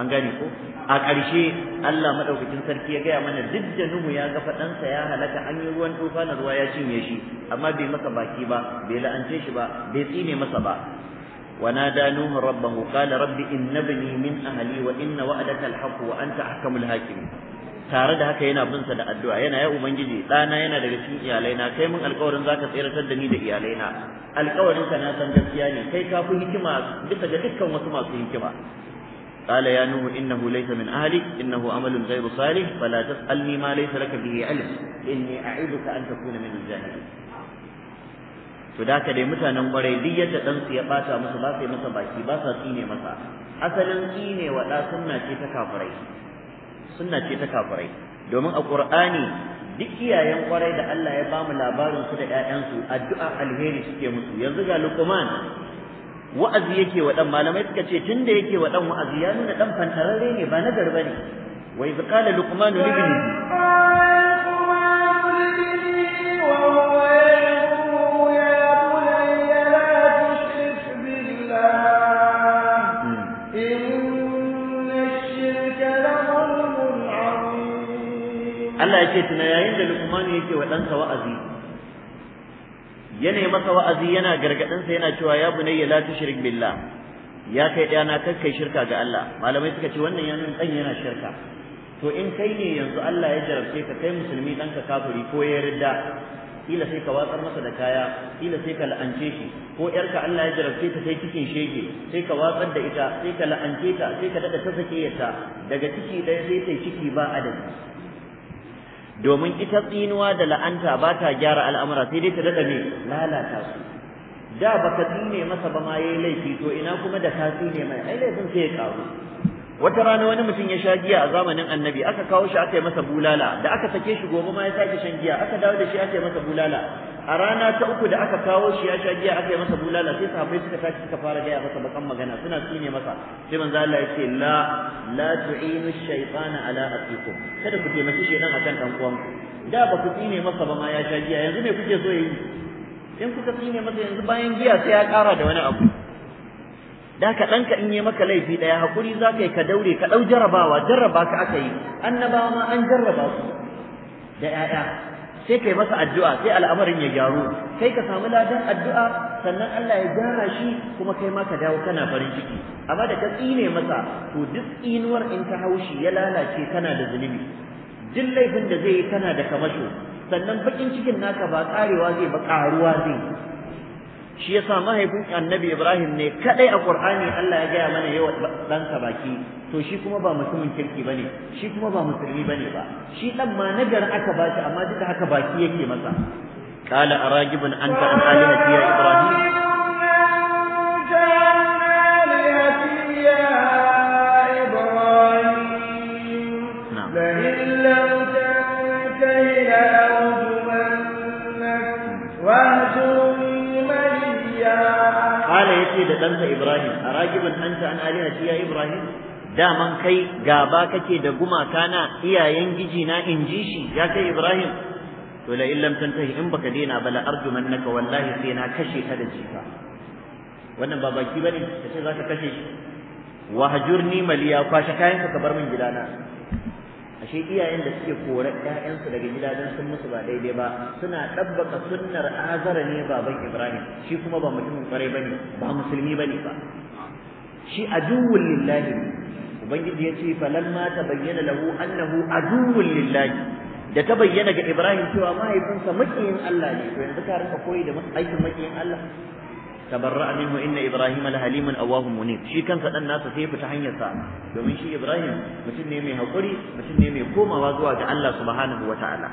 an gane ko a ƙarshe Allah madaukakin sarki ya gaya mana duk da Nuhu ya ga faɗansa ya halaka an yi ruwan tufa na ruwa ya cinye shi amma bai masa baki ba bai la'ance shi ba bai tsine masa ba ونادى نوح ربه قال رب إن ابني من أهلي وإن وعدك الحق وأنت أحكم الحاكمين tare da haka yana bin sa da addu'a yana ya ubangiji ɗana yana daga cikin iyalaina kai mun alƙawarin zaka tsiratar da ni da iyalaina alƙawarin ka na san gaskiya ne kai ka fi hikima bisa ga dukkan wasu masu hikima قال يا نوح إنه ليس من أهلك إنه عمل غير صالح فلا ma ما ليس لك به علم إني أعيذك أن تكون من الجاهلين to da ka dai mutanen kwarai duk yadda dan su ya bata musu ba sai masa baki ba sa tsine masa asalin tsine wa da sunna ce ta kafirai sunna ce ta kafirai domin a qur'ani duk iyayen kwarai da Allah ya bamu labarin su da ƴaƴansu addu'a alheri suke musu yanzu ga Luqman wa'azi yake wa dan malamai suka ce tunda yake wa dan wa'azi ya nuna dan fantararre ne ba na garba ne wa iz qala luqman li ibnihi ya ce tuna yayin da Luqman yake wa ɗansa wa'azi yana masa wa'azi yana gargadin yana cewa ya bunayya la tushrik billah ya kai na, kar kai shirka ga Allah malamai suka ce wannan yana dan yana shirka to in kai ne yanzu Allah ya jarabce ka kai musulmi ɗanka kafiri ko ya yarda kila sai ka watsar masa da kaya kila sai ka la'ance shi ko yarka Allah ya jarabce ta sai cikin shege sai ka watsar da ita sai ka la'ance ta sai ka daɗa ta daga ciki ɗaya sai sai ciki ba adalci domin ita tsinuwa da la'anta ba ta gyara al'amura sai dai ta daɗa ne lalata su da baka tsine masa ba ma yayi laifi to ina kuma da ka tsine mai ai laifin sai ya karu wata rana wani mutum ya sha giya a zamanin annabi aka kawo shi aka yi masa bulala da aka sake shi gobe ma ya sake shan giya aka dawo da shi aka yi masa bulala a rana ta uku da aka kawo shi ya sha giya aka yi masa bulala sai sahabbai suka tashi suka fara gaya masa bakan magana suna tsine masa sai manzo Allah ya ce la la tu'inu shaytana ala aqikum kada ku taimaki a kan dan uwan da ba ku tsine masa ba ma ya sha giya yanzu me kuke so yi in kuka tsine masa yanzu bayan giya sai ya kara da wani abu da ka danka in yi maka laifi ɗaya hakuri za ka yi ka daure ka ɗau jarabawa jarraba ka aka yi annabawa ma an jarraba su da 'ya'ya sai kai masa addu'a sai al'amarin ya gyaru kai ka samu ladan addu'a sannan Allah ya gyara shi kuma kai ma ka dawo kana farin ciki amma da ka tsine masa to duk tsinuwar in ka haushi ya lalace kana da zunubi duk laifin da zai yi kana da kamasho sannan bakin cikin naka ba karewa zai ba karuwa zai shi yasa mahaifin annabi Ibrahim ne kadai a Qur'ani Allah ya gaya mana yawa ɗansa baki to shi kuma ba mutumin kirki bane shi kuma ba musulmi bane ba shi dan ma nagar aka baki shi amma duka haka baki yake masa qala aragibun anta an alihati ya ibrahim ɗansa Ibrahim a ragibin anta an shi ya Ibrahim daman kai gaba kake da gumaka na iyayen giji na in ji shi ya kai Ibrahim to la illam tantahi in baka daina ba la ka wallahi sai na kashe ka da jifa wannan ba baki bane za zaka kashe shi ni maliya kwashe kayan ka bar min gidana ashe iyayen da suke korar ƴaƴansu daga gidajen sun musu ba daidai ba suna ɗabbaka sunnar azara ne baban ibrahim shi kuma ba mutumin kwarai ne, ba musulmi ba ne ba shi aduwwul lillahi ubangiji ya ce ma ta bayyana lahu annahu aduwwul lillahi da ta bayyana ga ibrahim cewa mahaifinsa makiyin allah ne to yanzu ka rika koyi da aikin makiyin allah tabarra'a minhu inna ibrahima lahalimun awahum munib shi kansa dan nasa sai fita hanyar sa domin shi ibrahim mutum ne mai hakuri mutum ne mai komawa zuwa ga Allah subhanahu wataala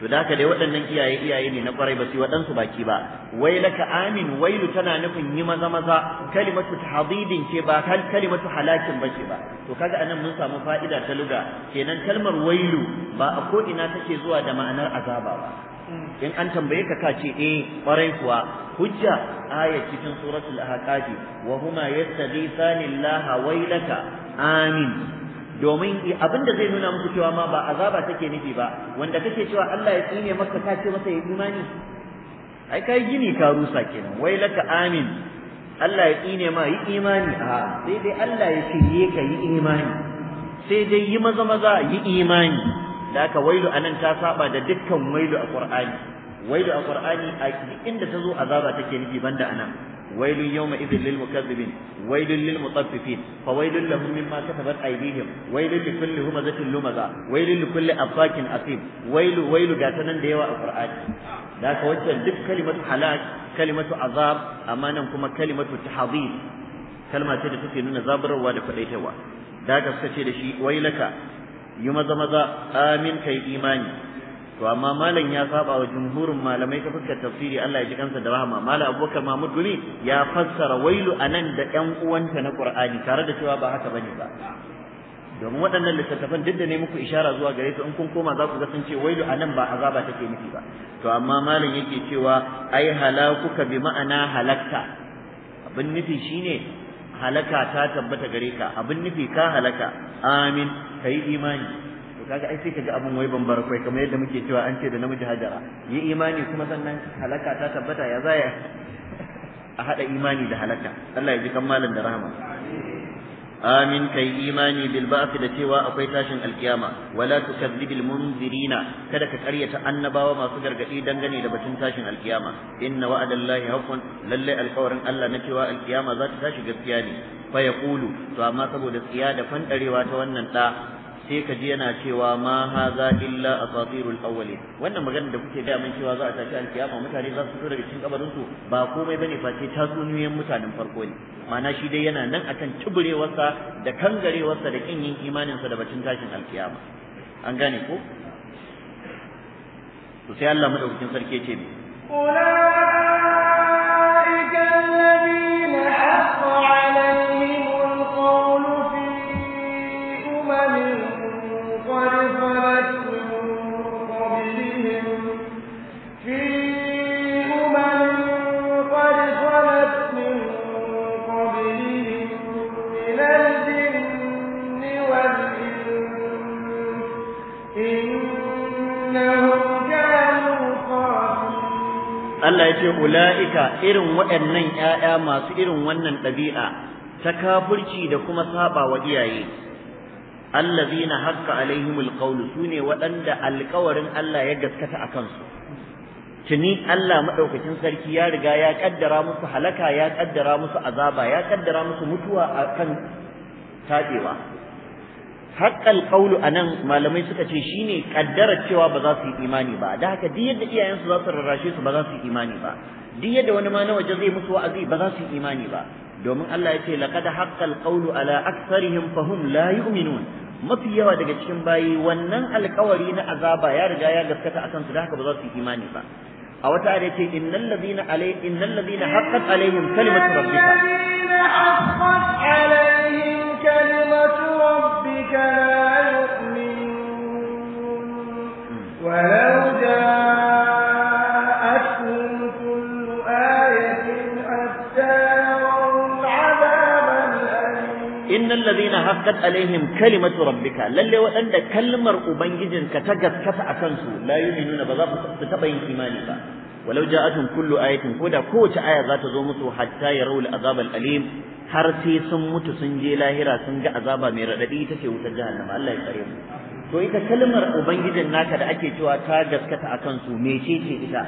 to da dai waɗannan iyaye iyaye ne na kwarai ba su waɗansu baki ba wai laka amin wailu tana nufin yi maza maza kalimatu tahdidin ce ba kal kalimatu halakin bace ba to kaga anan mun samu fa'ida ta luga kenan kalmar wailu ba a ko ina take zuwa da ma'anar azaba ba in an tambaye ka ka ce eh kwarai kuwa hujja aya cikin suratul ahqafi wa huma yastaghithani allaha wailaka amin domin abin da zai nuna muku cewa ma ba azaba take nufi ba wanda kake cewa Allah ya tsine maka ka ce masa ya imani ai kai gini ka rusa kenan wailaka amin Allah ya tsine ma yi imani a sai dai Allah ya shirye ka yi imani sai dai yi maza maza yi imani da aka wailu anan ta saba da dukkan wailu a qur'ani wailu a qur'ani a inda tazo azaba take nufi banda anan wailu yawma idhil lil mukazzibin wailu lil mutaffifin fa wailu lahum mimma katabat aydihim wailu li kulli humazatin lumaza wailu li kulli afakin asim wailu wailu ga nan da yawa a qur'ani da aka wacce duk kalimatu halak kalimatu azab amma nan kuma kalimatu tahdhib kalma ce da take nuna zabarwa da fadaitawa da aka suka ce da shi wailaka yi maza maza amin kai imani to amma malam ya saba wa jumhurin malamai ta fuskar tafsiri Allah ya ji kansa da rahama malam Abubakar Mahmud Gumi ya fassara wailu anan da ƴan uwanta na Qur'ani tare da cewa ba haka bane ba domin waɗannan littattafan duk da ne muku ishara zuwa gare su in kun koma za ku ga sun ce wailu anan ba azaba take nufi ba to amma malam yake cewa ai halakuka bi ma'ana halakta abin nufi shine halaka ta tabbata gare ka abin nufi ka halaka amin yi imani to kaga ai sai kaga abin wai bambara kai kamar yadda muke cewa an ce da namiji hajara yi imani kuma sannan halaka ta tabbata ya zaya a hada imani da halaka Allah ya ji kan malam da rahama amin kai imani bil ba'th da cewa akwai tashin alkiyama wala tukadzibil munzirina kada ka karyata annabawa masu gargadi dangane da batun tashin alkiyama inna wa'adallahi haqqun lalle alkawarin Allah na cewa alkiyama za ta tashi gaskiya ne fa yaqulu to amma saboda tsiya da fandarewa ta wannan da sai ka ji yana cewa ma haza illa asatirul awwalin wannan magana da kuke gaya min cewa za a tashi alkiyama mutane za su fito daga cikin kabarin su ba komai bane face tatsuniyoyin mutanen farko ne ma'ana shi dai yana nan akan tuburewarsa da kangarewarsa da kin yin imanin sa da bacin tashin alkiyama an gane ko to sai Allah madaukakin sarki ya ce ne Allah ya ce ula'ika irin waɗannan ‘ya'ya masu irin wannan ɗabi'a ta kafurci da kuma saba wa iyaye allazina haqqa alaihimul qawlu sune waɗanda alƙawarin Allah ya gaskata a kansu tuni Allah madaukakin sarki ya riga ya kaddara musu halaka ya kaddara musu azaba ya kaddara musu mutuwa akan tabewa haƙƙal ƙaulu a nan malamai suka ce shi ne ƙaddarar cewa ba za su yi imani ba da haka duk yadda iyayensu za su rarrashe su ba za su yi imani ba duk yadda wani ma na waje zai musu wa'azi ba za su yi imani ba domin Allah ya ce laqad haqqal qawlu ala aktsarihim fahum la yu'minun mafi yawa daga cikin bayi wannan alƙawari na azaba ya riga ya gaskata akan su da haka ba za su yi imani ba a wata da ce innal ladina alai innal ladina haqqat alaihim kalimatu rabbika ربك لا يؤمنون ولو جاءتهم كل آية إن الذين حقت عليهم كلمة ربك للي وأن كلمة أبنجز كتجد كفع كنسو لا يؤمنون بذلك تتبين إيمانك ولو جاءتهم كل آية كودا كوت آية ذات ذو حتى يروا الأذاب الأليم har sai sun mutu sun je lahira sun ga azaba mai radadi ita ce wutar jahannama Allah ya tsare mu to ita kalmar ubangijin naka da ake cewa ta gaskata akan su mecece ita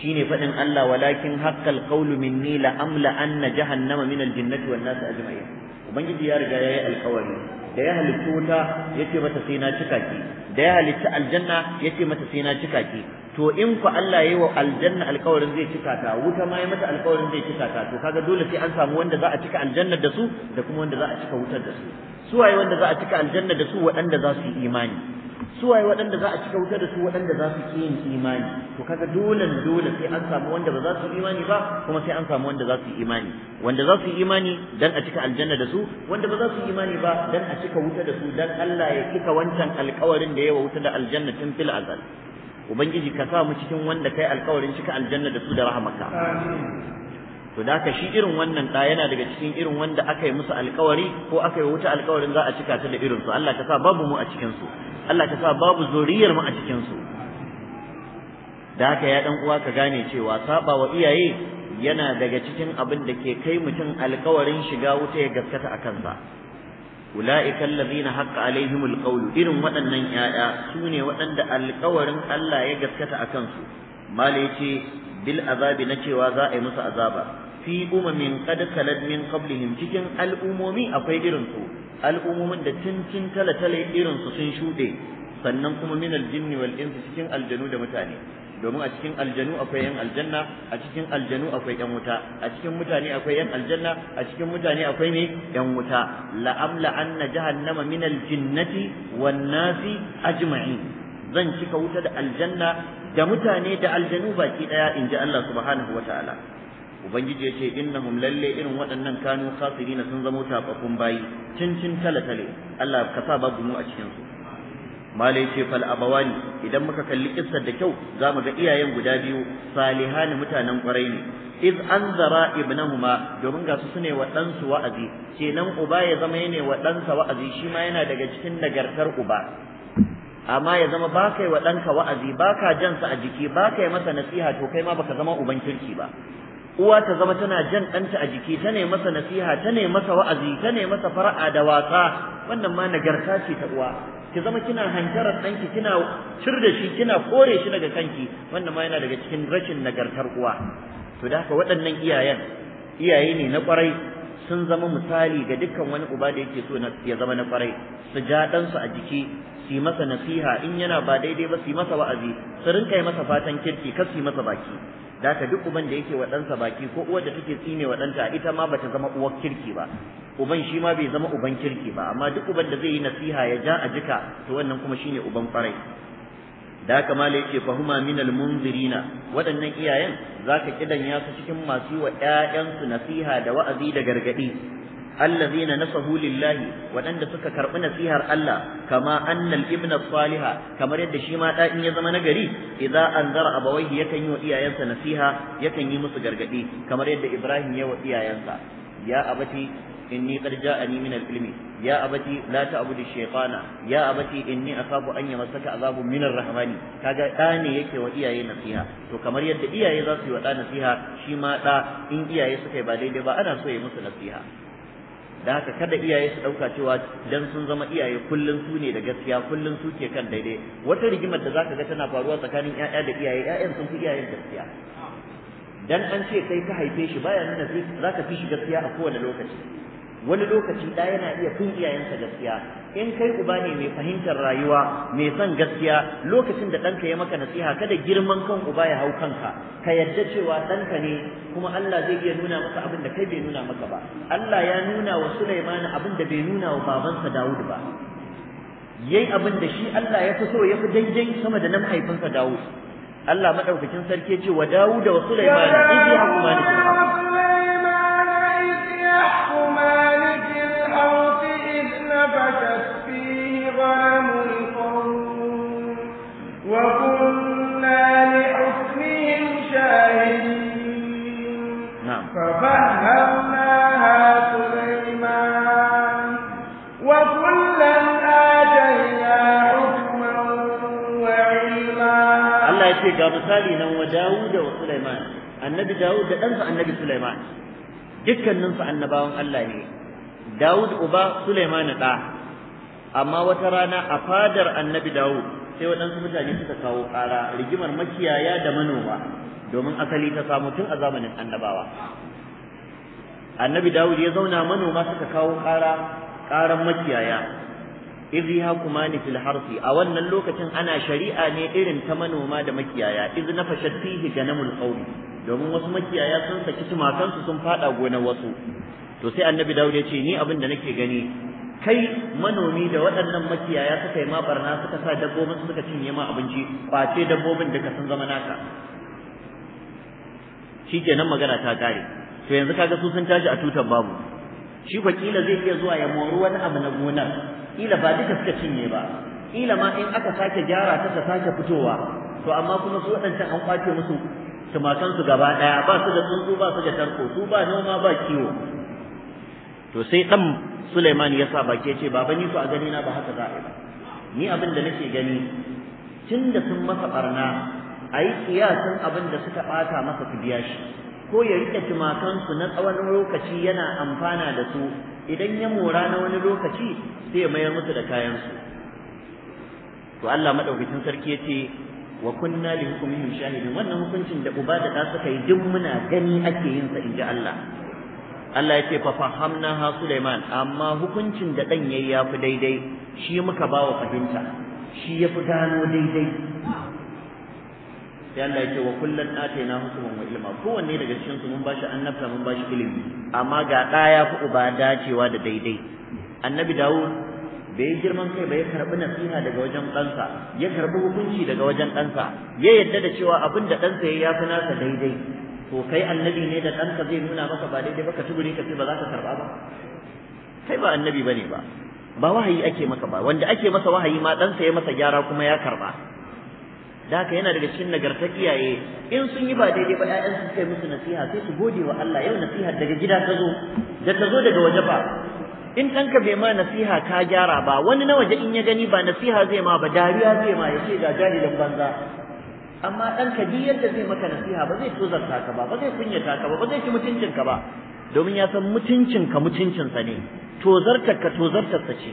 shine fadin Allah walakin haqqal qawlu minni la amla anna jahannama min al-jannati wan nas ajma'in ubangiji ya riga yi alkawari da ya halitta wuta yace mata sai na cika ki da ya halitta aljanna yace mata sai na cika ki to in ku Allah yi wa aljanna alkawarin zai cika ta wuta ma ya mata alƙawarin zai cika ta to kaga dole sai an samu wanda za a cika aljanna da su da kuma wanda za a cika wutar da su su waye wanda za a cika aljanna da su waɗanda za su yi imani waye waɗanda za a cika wuta da su waɗanda za su yin imani to kaga dole dole sai an samu wanda ba za su imani ba kuma sai an samu wanda za su imani wanda za su imani dan a cika aljanna da su wanda ba za su imani ba dan a cika wuta da su dan Allah ya cika wancan alƙawarin da yawa wuta da aljanna tun fil azal ubangiji ka sa mu cikin wanda kai alƙawarin cika aljanna da su da rahmaka to da ka shi irin wannan da yana daga cikin irin wanda aka yi musu alƙawari ko aka yi wuta alƙawarin za a cika ta da irinsu Allah ka sa babu mu a cikin su Allah ta sa babu zuriyar mu a cikin su da haka ya dan uwa ka gane cewa saba wa iyaye yana daga cikin abin da ke kai mutum alƙawarin shiga wuta ya gaskata a kansa ulaika allazina haqqa alaihimul qawlu irin waɗannan 'ya'ya sune waɗanda alƙawarin Allah ya gaskata a kansu mala yace bil azabi na cewa za a yi musu azaba fi umamin qad kalad min qablihim cikin al'umomi akwai irin su al'umumin da tuntun tala tale irin su sun shuɗe sannan kuma min aljinni wal cikin aljanu da mutane domin a cikin aljanu akwai yan aljanna a cikin aljanu akwai yan wuta a cikin mutane akwai yan aljanna a cikin mutane akwai ne yan wuta la'amla anna jahannama min aljinnati wan nasi ajma'in zan cika wuta da aljanna da mutane da aljanu baki daya inji Allah subhanahu wataala ubangiji ya yace innahum lalle irin waɗannan kanu khasirina sun zama tabakun bayi cincin tale Allah ka sa babu mu a cikin su malai ce fal abawani idan muka kalli kissar da kyau zamu ga iyayen guda biyu salihani mutanen kwarai ne iz anzara ibnahuma domin ga su sune wa ɗansu wa'azi kenan uba ya zama yana wa ɗansa wa'azi shi ma yana daga cikin nagartar uba amma ya zama ba kai wa ɗanka wa'azi baka ka jansa a jiki ba kai masa nasiha to kai ma baka zama uban kirki ba uwa ta zama tana jan ɗanta a jiki ta ne masa nasiha ta ne masa wa'azi ta ne masa fara'a da wasa wannan ma nagarta ce ta uwa ki zama kina hankarar ɗanki kina cir da shi kina kore shi daga kanki wannan ma yana daga cikin rashin nagartar uwa to da haka waɗannan iyayen iyaye ne na ƙwarai sun zama misali ga dukkan wani uba da yake so ya zama na ƙwarai su ja ɗansu a jiki su masa nasiha in yana ba daidai ba su masa wa'azi su rinka yi masa fatan kirki kar su masa baki da ka duk uban da yake wa ɗansa baki ko uwar da take tsine wa ɗanta ita ma bata zama uwar kirki ba uban shi ma bai zama uban kirki ba amma duk uban da zai yi nasiha ya ja a jika to wannan kuma shine uban farai da haka mala yake fa min al munzirina waɗannan iyayen zaka kidan ya cikin masu yi wa ƴaƴansu nasiha da wa'azi da gargadi allazina nasahu lillahi waɗanda suka karɓi nasihar Allah kama annal ibna saliha kamar yadda shi ma da in ya zama nagari idza anzara abawaihi yakan yi wa iyayensa nasiha yakan yi musu gargadi kamar yadda Ibrahim ya wa iyayensa ya abati inni qad ja'ani min al-ilmi ya abati la ta'budu shaytana ya abati inni akhafu an yamassaka azabun min ar-rahmani kaga da ne yake wa iyaye nasiha to kamar yadda iyaye za su yi wa da nasiha shi ma da in iyaye suka yi ba daidai ba ana so ya musu nasiha da haka kada iyaye su ɗauka cewa dan sun zama iyaye kullun su ne da gaskiya kullun su ke kan daidai wata rigimar da zaka ga tana faruwa tsakanin ƴaƴa da iyaye ƴaƴan sun fi iyayen gaskiya dan an ce kai ka haife shi baya nuna zaka fi shi gaskiya a kowane lokaci wani lokaci ɗaya yana iya fin iyayensa gaskiya in kai uba ne mai fahimtar rayuwa mai son gaskiya lokacin da ɗanka ya maka nasiha kada girman kan uba ya hau kanka ka yadda cewa ɗanka ne kuma Allah zai iya nuna maka abin da kai bai nuna maka ba Allah ya nuna wa Sulaiman abin da bai nuna wa babansa Dawud ba yayi abin da shi Allah ya fi so ya fi daidai sama da na mahaifinsa Dawud Allah madaukakin sarki ya ce wa Dawud wa Sulaiman idh kuma fil فَسَلَكَتْ فِيهِ غَنَمُ الْقَوْمِ وَكُنَّا لِحُكْمِهِمْ شَاهِدِينَ نعم فَفَهَّمْنَاهَا سُلَيْمَانَ وَكُلًّا آتَيْنَا حُكْمًا وَعِلْمًا الله يتي ga misali nan wa Dawud wa Sulaiman annabi Dawud da ɗansa annabi Sulaiman dukkaninsu annabawan Allah ne Dawud uba Sulaiman da amma wata rana a fadar Annabi Dawud sai waɗansu mutane suka kawo ƙara rigimar makiyaya da manoma domin asali ta samu tun a zamanin annabawa Annabi Dawud ya zauna manoma suka kawo ƙara ƙaran makiyaya idh yahkumani fil harfi a wannan lokacin ana shari'a ne irin ta manoma da makiyaya idh nafashat fihi ganamul qawmi domin wasu makiyaya sun saki tumakansu sun fada gonar wasu to sai annabi dawo ya ce ni abin da nake gani kai manomi da waɗannan makiyaya suka yi ma barna suka sa dabbobin suka cinye ma abinci kwace dabbobin ka sun zama naka shikenan magana ta kare to yanzu kaga su sun tashi a tutar babu shi ko kila zai iya zuwa ya mori wani abu na gonar kila ba duka suka cinye ba kila ma in aka sake gyara ta sake fitowa to amma kuma su waɗancan an kwace musu tumakansu gaba ɗaya ba su da tsuntsu ba su da tarko su ba noma ba kiwo to sai dan Sulaiman ya sa baki ya ce baba ni a gani na ba haka za a ni abin da nake gani tun da sun masa barna a yi kiyasin abin da suka ɓata masa su biya shi ko ya rike tumakan su na tsawon lokaci yana amfana da su idan ya mora na wani lokaci sai ya mayar musu da kayansu to Allah madaukakin sarki ya ce wa kunna li hukmihim shahidin wannan hukuncin da uba da ɗa suka yi duk muna gani ake yin sa inji Allah Allah ya ce fa fahamnaha Sulaiman amma hukuncin da dan yayi yafi daidai shi muka ba wa fahimta shi yafi gano daidai sai Allah ya ce wa kullan atayna hukman wa ilma kowanne daga cikin su mun bashi annabta mun bashi ilimi amma ga da ya fi uba dacewa da daidai annabi Dawud bai girman kai bai karbi nasiha daga wajen ɗansa ya karbi hukunci daga wajen ɗansa ya yadda da cewa abinda da ɗansa ya yafi nasa daidai to kai annabi ne da ɗanka zai nuna maka ba daidai ba ka tuguri ka ce ba za ka karba ba kai ba annabi bane ba ba wahayi ake maka ba wanda ake masa wahayi ma ɗansa ya masa gyara kuma ya karba. da haka yana daga cikin nagartar iyaye in sun yi ba daidai ba ƴaƴan su kai musu nasiha sai su gode wa Allah yau nasiha daga gida ta zo da ta zo daga waje ba in ɗanka bai ma nasiha ka gyara ba wani na waje in ya gani ba nasiha zai ma ba dariya zai ma ya ce ga jahilin banza amma dan ka yadda zai maka nasiha ba zai tozarta ka ba ba zai kunyata ka ba ba zai ci mutuncin ka ba domin ya san mutuncin ka mutuncin sa ne tozartar ka tozartar sa ce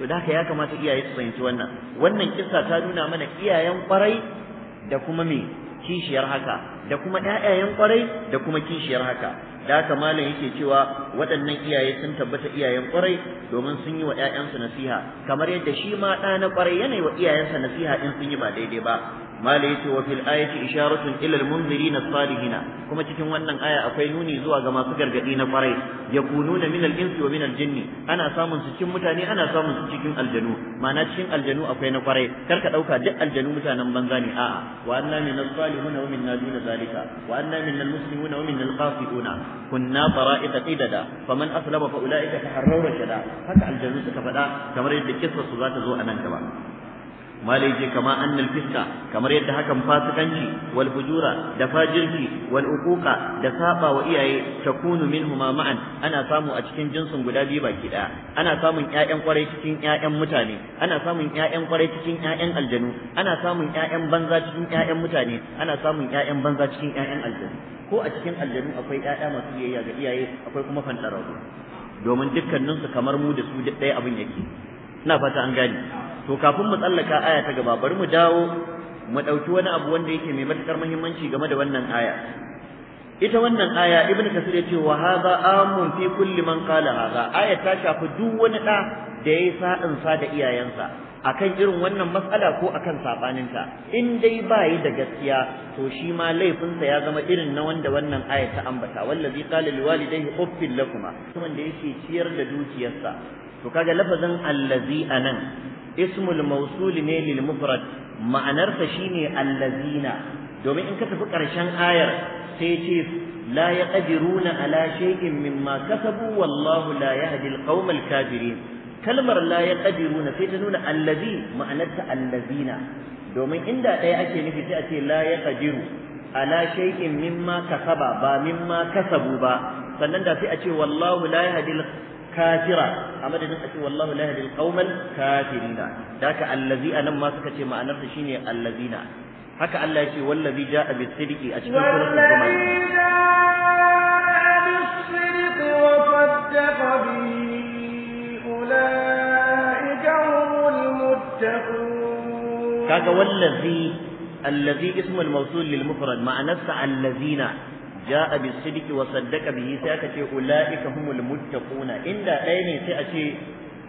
to da ya kamata iyaye su fahimci wannan wannan kissa ta nuna mana iyayen kwarai da kuma me kishiyar haka da kuma ƴaƴayen kwarai da kuma kishiyar haka da haka malam yake cewa waɗannan iyaye sun tabbata iyayen kwarai domin sun yi wa ‘ya'yansu nasiha kamar yadda shi ma ɗa na kwarai yana wa iyayensa nasiha in sun yi ba daidai ba ما ليس وفي الآية إشارة إلى المنذرين الصالحين كما تكون أن آية أفينوني زوى كما سكر بقين فريس يكونون من الإنس ومن الجن أنا سامن سكين متاني أنا سامن سكين الجنو ما ناتشين الجنو أفين فريس كالك أوكا دق الجنو متانا بنزاني آ آه. وأنا من الصالحون ومن دون ذلك وأنا من المسلمون ومن القاسئون كنا طرائق قددا فمن أسلم فأولئك تحروا رشدا فكع الجنو سكفدا كما رجل كسر صلاة زوء أمان كما malai ce kama annal fiska kamar yadda hakan fasikanci wal fujura da fajirci wal uquqa da saba wa iyaye takunu minhuma ma'an ana samu a cikin jinsin guda biyu baki daya ana samun ƴaƴan kwarai cikin ƴaƴan mutane ana samun ƴaƴan kwarai cikin ƴaƴan aljanu ana samun ƴaƴan banza cikin ƴaƴan mutane ana samun ƴaƴan banza cikin ƴaƴan aljanu ko a cikin aljanu akwai ƴaƴa masu biyayya ga iyaye akwai kuma fantararru domin dukkaninsu kamar mu da su duk ɗaya abin yake ina fata an gani. to kafin mu tsallaka aya ta gaba bari mu dawo mu ɗauki wani abu wanda yake mai matuƙar muhimmanci game da wannan aya ita wannan aya ibnu kasir ce wa hadha amun fi kulli man qala hadha aya ta shafi duk wani da da yayi sa'in sa da iyayensa akan irin wannan matsala ko akan sabaninta in dai bai da gaskiya to shi ma laifinsa ya zama irin na wanda wannan aya ta ambata wallazi qala liwalidayhi uffil lakuma wanda yake ciyar da dukiyarsa to kaga lafazin allazi anan ismul mawsul ne lil mufrad ma'anarsa shine allazina domin in ka tafi karshen ayar sai ce la yaqdiruna ala shay'in mimma kasabu wallahu la yahdi alqawmal kafirin kalmar la yaqdiruna sai ta nuna allazi ma'anarta allazina domin inda ɗaya ake nufi sai a ce la yaqdiru ala shay'in mimma kasaba ba mimma kasabu ba sannan da sai a ce wallahu la yahdi كافرا اما أمد نسأك والله لا يهدي القوم الكافرين ذاك الذي أنا ما سكت ما أنا فشيني الذين حكى الله يشي والذي جاء بالصدق أشكركم والذي جاء بالصدق وصدق به أولئك هم المتقون كاك والذي الذي اسم الموصول للمفرد ما نفس الذين جاء بالصدق وصدق به سيكتي أولئك هم المتقون إلا أين سيأتي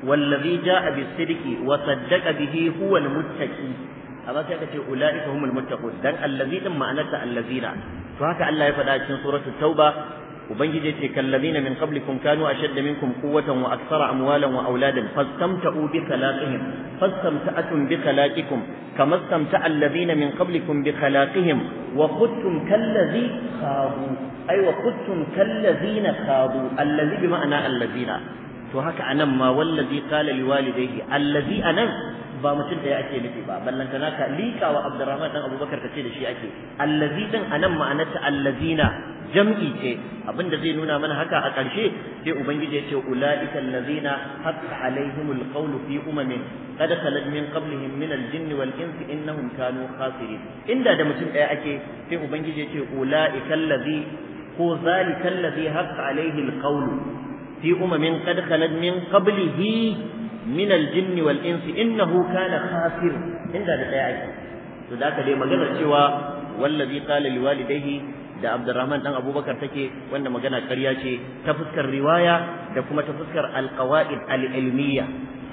والذي جاء بالصدق وصدق به هو المتقي أما سيكتي أولئك هم المتقون دان الذين معنى الذين فهك الله يفدأ آية سورة التوبة ubangiji ce kallazina min qablikum kanu ashadda minkum quwwatan wa akthara amwalan wa auladan fastamta'u bi khalaqihim fastamta'atum bi khalaqikum kama istamta'a alladhina min qablikum bi khalaqihim wa khudtum kallazi khabu ay wa khudtum kallazina khabu allazi bi ma'ana allazina to haka anan ma wallazi qala li walidayhi allazi anan ba mutum ɗaya ake nufi ba ballantana ka liqa wa abdurrahman dan abubakar kace da shi ake allazi dan anan ma'anata allazina jam'i ce abin da zai nuna mana haka a ƙarshe sai ubangiji ya ce ulaika allazina hatta alaihimul qawlu fi umamin qad khalat min qablihim min al-jinn wal ins innahum kanu khasirin inda da mutum ɗaya ake sai ubangiji ya ce ulaika allazi ko zalika allazi hatta alaihi al-qawlu fi umamin qad khalat min qablihi min al-jinn wal ins innahu kana khasirin inda da ɗaya ake to da ka dai maganar cewa wallazi qala liwalidayhi da Abdurrahman dan Abubakar take wanda magana ƙarya ce ta fuskar riwaya da kuma ta fuskar alqawaid al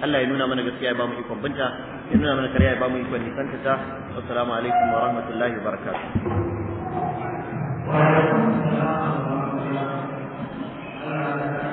Allah ya nuna mana gaskiya ya ba mu ikon binta ya nuna mana ƙarya ya ba mu ikon nisanta ta assalamu alaikum wa rahmatullahi wa barakatuh